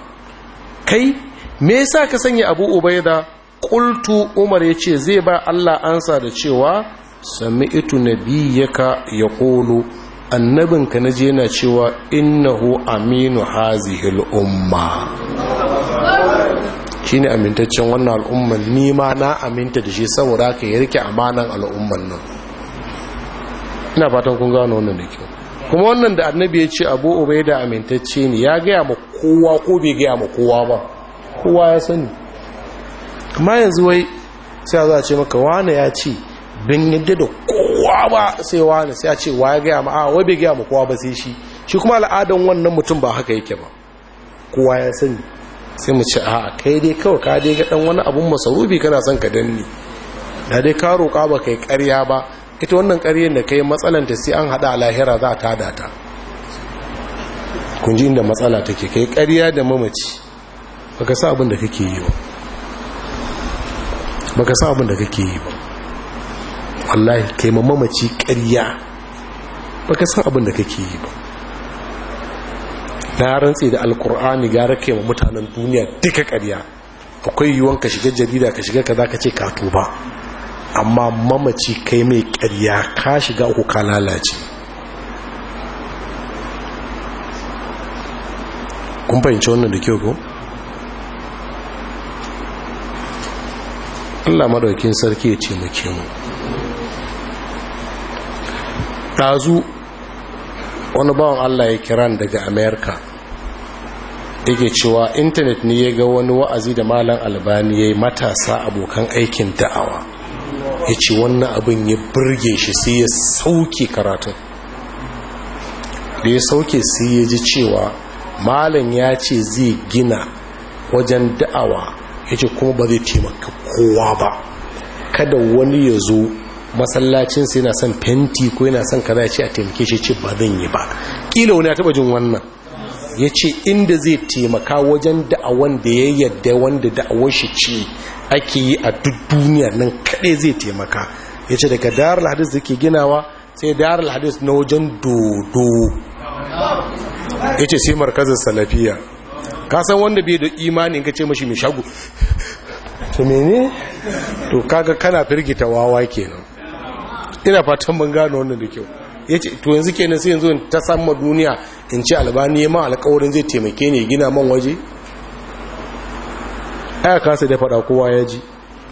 [SPEAKER 1] kai me yasa ka sanya abu ubaida Kultu umar ya ce zai ba allah ansa da cewa sami'tu ya yaqulu annabinka naje yana cewa innahu aminu hazihil umma ne amintaccen wannan al'umman ni ma na aminta da shi saboda ka yi rike amanan al'umman nan ina fatan kun gano wannan da kyau kuma wannan da annabi ya ce abu da amintacce ne ya gaya ma kowa ko bai gaya ma kowa ba kowa ya sani amma yanzu wai sai za a ce maka wane ya ce bin yadda da kowa ba sai wani sai a ce wa ya gaya ma'a a wai bai gaya ma kowa ba sai shi shi kuma al'adan wannan mutum ba haka yake ba kowa ya sani sai mu ce a kai dai kawai ka dai ga dan wani abun masarufi kana son ka danne da dai ka roƙa ba kai ƙarya ba ita wannan ƙaryar da kai matsalan ta sai an hada a lahira za ta data kun ji inda matsala take kai ƙarya da mamaci baka sa ba baka sa abin da kake yi ba wallahi kai ma mamaci ƙarya ka san abin da kake yi ba na rantse da alkur'ani gara kai ma mutanen duniya duka ƙarya akwai yiwuwan ka shiga jarida ka shiga ka za ka ce ka tuba amma mamaci kai mai ƙarya ka shiga uku ka lalace kun fahimci wannan da kyau ko Allah madaukin sarki ya ce muke mu tazu wani bawan allah ya kiran daga amerika yake cewa intanet ne ya ga wani wa'azi da malam albani ya yi matasa abokan aikin da'awa ya ce wannan abin ya burge shi sai ya sauke karatun da ya sauke sai ya ji cewa malam ya ce zai gina wajen da'awa ya ce kuma ba zai taimaka kowa ba kada wani ya zo masallacin sai yana son fenti ko yana son kaza ya ce a taimake shi ce ba zan yi ba kila wani ya taba jin wannan ya ce inda zai taimaka wajen da'awan da ya yadda wanda da'awar shi ce ake yi a duk duniya nan kaɗai zai taimaka ya ce daga dayar hadis da ke ginawa sai dayar hadis na wajen dodo ya ce sai markazin salafiya kasan wanda bai da imanin ka ce mashi mai shagu to mene to kaga kana firgita wawa kenan ina fatan ban gano wannan da kyau ya ce to yanzu kenan sai yanzu ta samu duniya in ce albani ma alkawarin zai taimake ne gina man waje aya kasa da faɗa kowa ya ji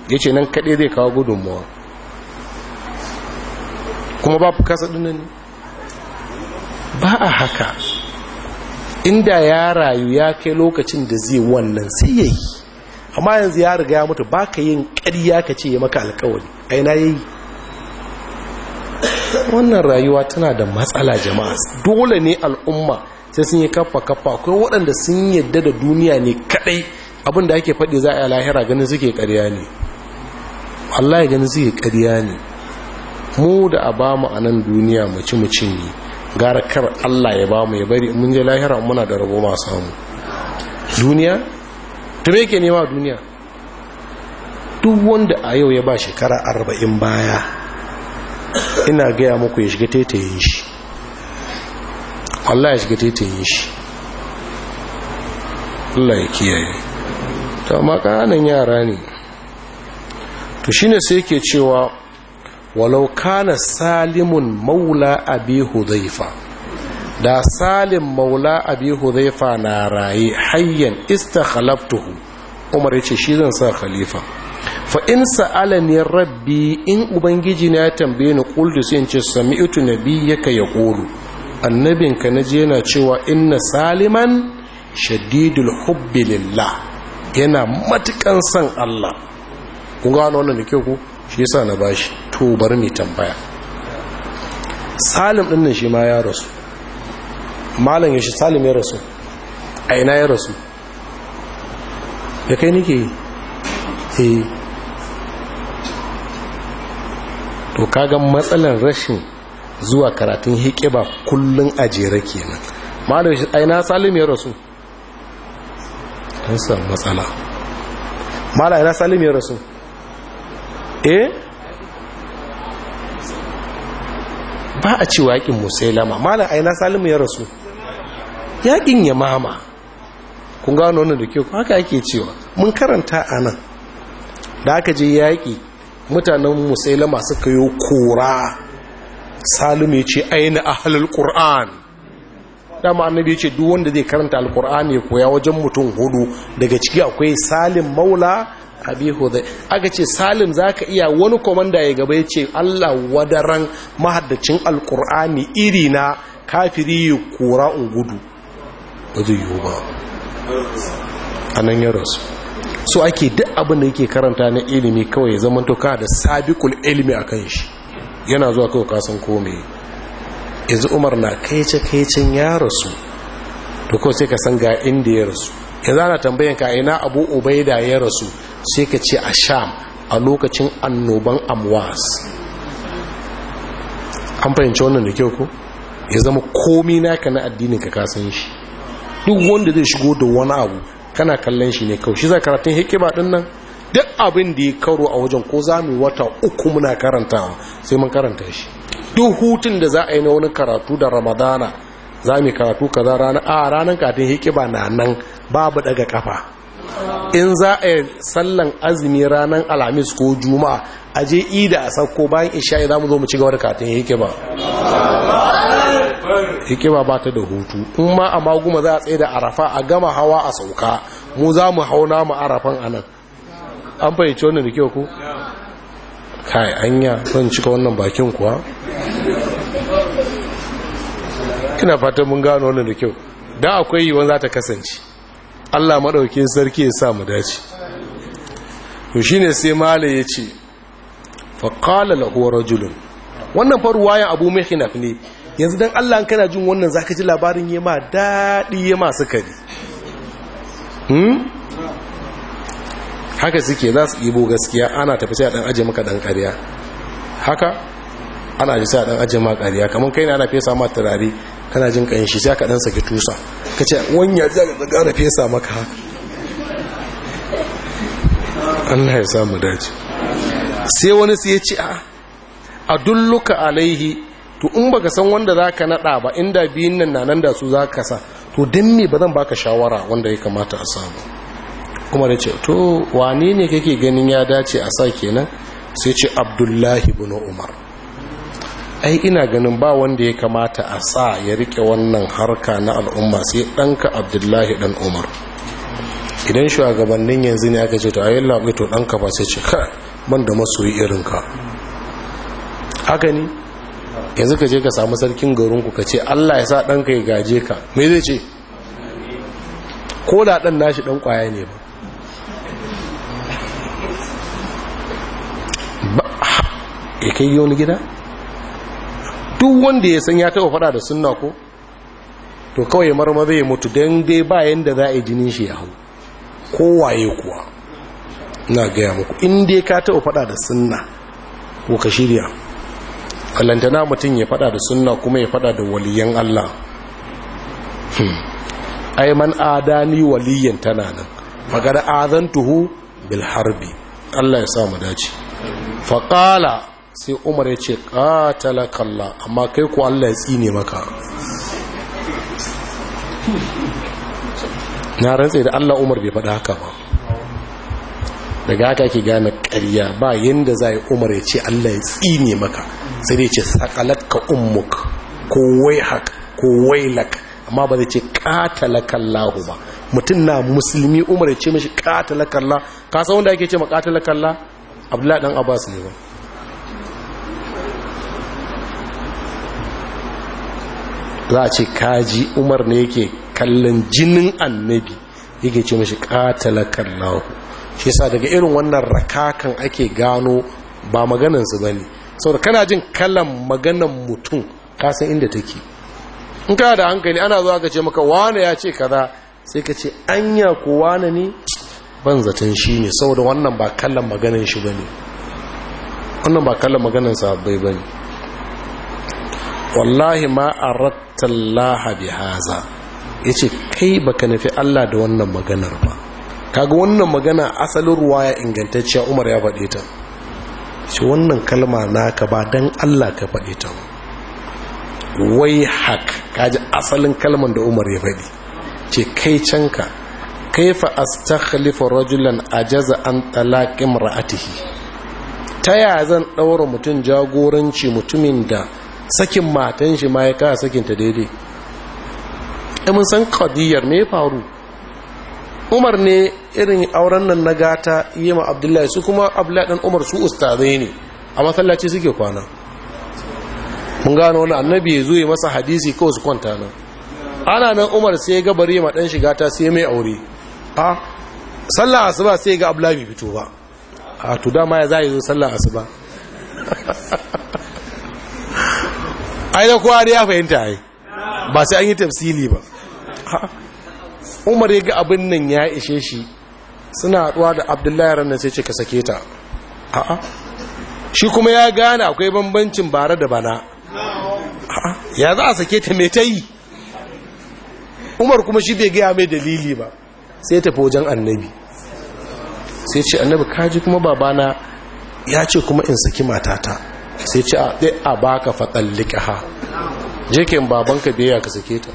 [SPEAKER 1] ya ce nan kaɗai zai kawo gudunmawa kuma ba kasa ɗinan ba a haka inda ya rayu ya kai lokacin da zai wannan sai ya yi amma yanzu ya riga ya mutu ba ka yin ya ka ce ya maka alkawari aina ya yi wannan rayuwa tana da matsala jama'a dole ne al'umma sai sun yi kafa kafa akwai waɗanda sun yadda da duniya ne kadai abin ake faɗi za a yi lahira ganin suke ƙarya ne Allah ya ganin suke ƙarya ne mu da a ba mu a nan duniya mace mace ne gara kar Allah ya ba mu ya bari mun je lahira muna da rabo ma samu duniya ta me ke nema duniya duk wanda a yau ya ba shekara arba'in baya ina gaya muku ya shiga taitayin shi Allah ya shiga taitayin shi Allah ya kiyaye ta makanan yara ne to shi ne sai ke cewa walau kana salimun maula abi huzaifa da salim maula abi huzaifa na raye hayyan istakhalaftuhu umar ya ce shi zan sa khalifa fa in sa'alani rabbi in ubangiji na ya tambaye ni qultu sai in ce sami'tu annabin ka annabinka je yana cewa inna saliman shadidul hubbi lillah yana matukan san Allah kun ga wannan da ke ku shi yasa na bashi to bar mi tambaya salim din nan shi ma ya rasu malam ya shi salim ya rasu a ina ya rasu da kai nake eh to kagan matsalar rashin zuwa karatun ba kullun a jere nan malam shi aina salim ya rasu an samu matsala malam aina salim ya rasu eh ba a ci waƙin musailama malam aina salim ya rasu Yaƙin ya mama kun gano wannan da kyau haka ake cewa mun karanta a nan da aka je yaƙi mutanen musulama suka yi kura salim ya ce aina ahalul qur'an dama annabi ya ce duk wanda zai karanta alqur'ani ya koya wajen mutum hudu daga ciki akwai salim maula abi hudai aka ce salim za ka iya wani komanda ya gaba ya ce Allah wadaran mahaddacin alqur'ani iri na kafiri ya kora ungudu ba zai yiwu ba A nan ya rasu so ake duk abin da yake karanta na ilimi kawai ya zama toka da ilimi a kan shi yana zuwa kawai kasan komai yanzu umar na kaice kaicen ya rasu to kawai sai ka san ga inda ya rasu yanzu ana tambayan ka ina abu ubaida ya rasu sai ka ce a sham a lokacin annoban amwas an fahimci wannan da kyau ko ya zama komi naka na addinin ka kasan shi duk wanda zai shigo da wani abu kana kallon shi ne kawai shi za karatun hikima din nan duk abin da ya karo a wajen ko za mu wata uku muna karanta sai mun karanta shi duk hutun da za a yi na wani karatu da ramadana za mu karatu kaza rana a ranar katin hikima na nan babu daga kafa in za a yi sallan azumi ranar alhamis ko juma'a a je ida a sauko bayan isha'i za mu zo mu ci gaba da katin hikima hikima ba ta da hutu in ma a maguma za a tsaye da arafa a gama hawa a sauka mu za mu hauna mu arafan anan an fahimci wannan da kyau ku kai anya zan cika wannan bakin kuwa ina fatan mun gano wannan da kyau da akwai yiwuwa za ta kasance allah maɗauki sarki ya sa mu dace to ne sai mala ya ce faƙala lahuwar rajulun wannan faruwa ya abu mai ne yanzu don allah kana jin wannan zaka ji labarin ya ma daɗi ya masu kari hmm? haka suke za su ibo gaskiya ana tafi sai a ɗan aje maka ɗan ƙariya haka ana ji sai a ɗan aje maka ƙariya kamar kai ne ana fesa ma turare kana jin ƙanshi sai ka ɗan saki tusa ka ce wanya za ka ana fesa maka allah ya samu daji sai wani sai ya ce a dulluka alaihi to in baka san wanda zaka nada ba inda biyun nan na nan da su zaka sa to din me ba zan baka shawara wanda ya kamata a samu kuma da ce to wane ne kake ganin ya dace a sa kenan sai ce abdullahi ibn umar ai ina ganin ba wanda ya kamata a sa ya rike wannan harka na al'umma sai danka abdullahi dan umar idan shugabannin yanzu ne aka ce to ayyalla labai to danka ba sai ce ka ban da masoyi irinka haka ne yanzu ka je ka samu sarkin garinku ka ce Allah ya sa ɗanka ya gaje ka me zai ce ko da ɗan nashi ɗan ƙwaya ne ba ya kai yi wani gida duk wanda ya san ya taɓa fada da sunna ko to kawai marma zai mutu don dai bayan da za a yi jinin shi ya hau kowaye kuwa na gaya muku in dai ka taɓa faɗa da sunna ko ka shirya ballantana mutum ya fada da sunna kuma ya fada da waliyan Allah hmm. ai man adani waliyan tana nan magana azantuhu bil bilharbi. Allah ya sa mu dace faqala sai Umar ya ce qatalaka Allah amma kai ku Allah ya tsine maka na rantsa da Allah Umar bai faɗi haka ba daga haka ke gane karya ba yadda za yi umar ya ce allah ya tsine maka sai dai ce sakalat ka ummuk ko haka ko laka amma ba zai ce katalakan lahu ba mutum na musulmi umar ya ce mashi katalakan la kasa wanda ake ce ma katalakan la abdullahi dan abbas ne ba za a ce kaji umar ne yake kallon jinin annabi yake ce mashi katalakan lahu shi sa daga irin wannan rakakan ake gano ba maganansu ba ne saboda kana jin kalan maganan mutum kasan inda take in kana da hankali ana zuwa ka ce maka wane ya ce kaza sai ka ce anya ko wane ne ban zaton shi ne saboda wannan ba kalan maganan shi ba wannan ba kalan maganan sa ba ne wallahi ma a arattallaha bi haza yace kai baka nufi Allah da wannan maganar ba kaga wannan magana asalin ruwaya ingantacciya umar ya faɗe ta shi wannan kalma naka ba don allah ka faɗe ta wai hak kaji asalin kalman da umar ya faɗi ce kai canka kaifa astakhlifu rajulan jaza an talaq ra'atihi ta ya zan ɗaura mutum jagoranci mutumin da sakin matan shi ma ya kasa sakinta daidai eh, mun san kadiyar me faru umar ne irin auren nan na gata yi ma abdullahi su kuma abdullahi dan umar su ustazai ne a masallaci suke kwana mun gano wani annabi ya zuwa masa hadisi kawai su kwanta nan ana nan umar sai ya gabari ma dan shiga ta sai mai aure a sallah asuba sai ga abdullahi fito ba a to dama ya za yi zo sallah asuba ai da kowa ya fahimta ai ba sai an yi tafsili ba umar ya ga abin nan ya ishe shi suna haɗuwa da abdullahi ranar sai ce ka sake ta a'a shi kuma ya gane akwai bambancin bara da bana ya za a sake ta mai ta yi umar kuma shi bai gaya mai dalili ba sai tafi wajen annabi sai ce annabi kaji kuma babana ya ce kuma in saki matata sai ce a baka faɗallika ha jikin babanka biyayya ka sake ta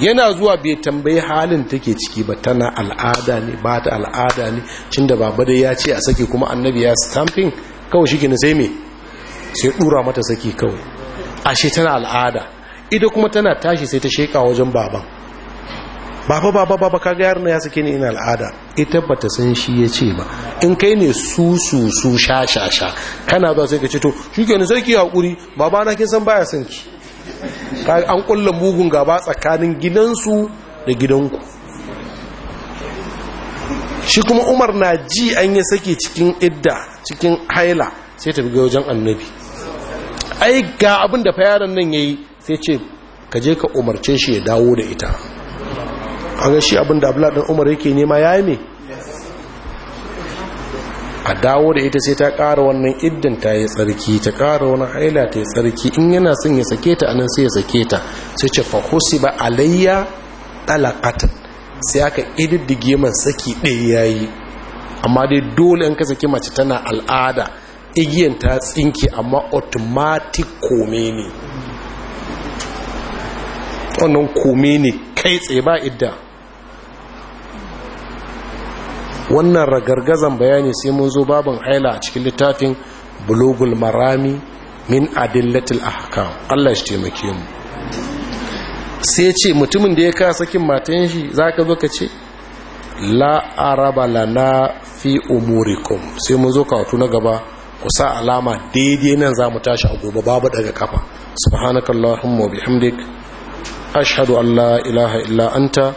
[SPEAKER 1] yana zuwa bai tambayi halin take ciki ba tana al'ada ne ba ta al'ada ne cin da baba dai ya ce a sake kuma annabi ya stamping kawai shi gina sai me sai dura mata sake kawai ashe tana al'ada ita kuma tana tashi sai ta sheka wajen baban baba baba baba ka ga na ya sake ni ina al'ada ita bata san shi ya ce ba in kai ne su su su sha sha sha kana zuwa sai ka ce to shi gina ni sarki hakuri baba na kin san baya son ki an kulla mugun gaba tsakanin gidansu da gidanku shi kuma umar na ji an yi sake cikin idda cikin haila sai tafi ga wajen annabi ai ga abin da fayaran nan ya yi sai ce ka je ka umarce shi ya dawo da ita a ga shi abin da abu umar yake nema ya yi ne a dawo da ita sai ta ƙara wannan iddin ta yi tsarki ta ƙara wani haila ta yi tsarki in yana son ya sake ta anan sai ya sake ta sai ce fahusi ba alayya ɗalaƙatan sai aka ididdige man saki ɗaya ya yi amma dai dole in ka saki mace tana al'ada igiyan ta tsinke amma automatic kome ne wannan kome ne kai tsaye ba idda wannan ragargazan bayani sai mun zo babin haila a cikin littafin bulugul marami min adillatil ahkam Allah shi taimake mu sai ce mutumin da ya ka sakin matan shi zaka zo ka ce la araba lana fi umurikum sai mun zo wato na gaba ku sa alama daidai nan za mu tashi a gobe babu daga kafa subhanakallahumma wa bihamdik ashhadu an la ilaha illa anta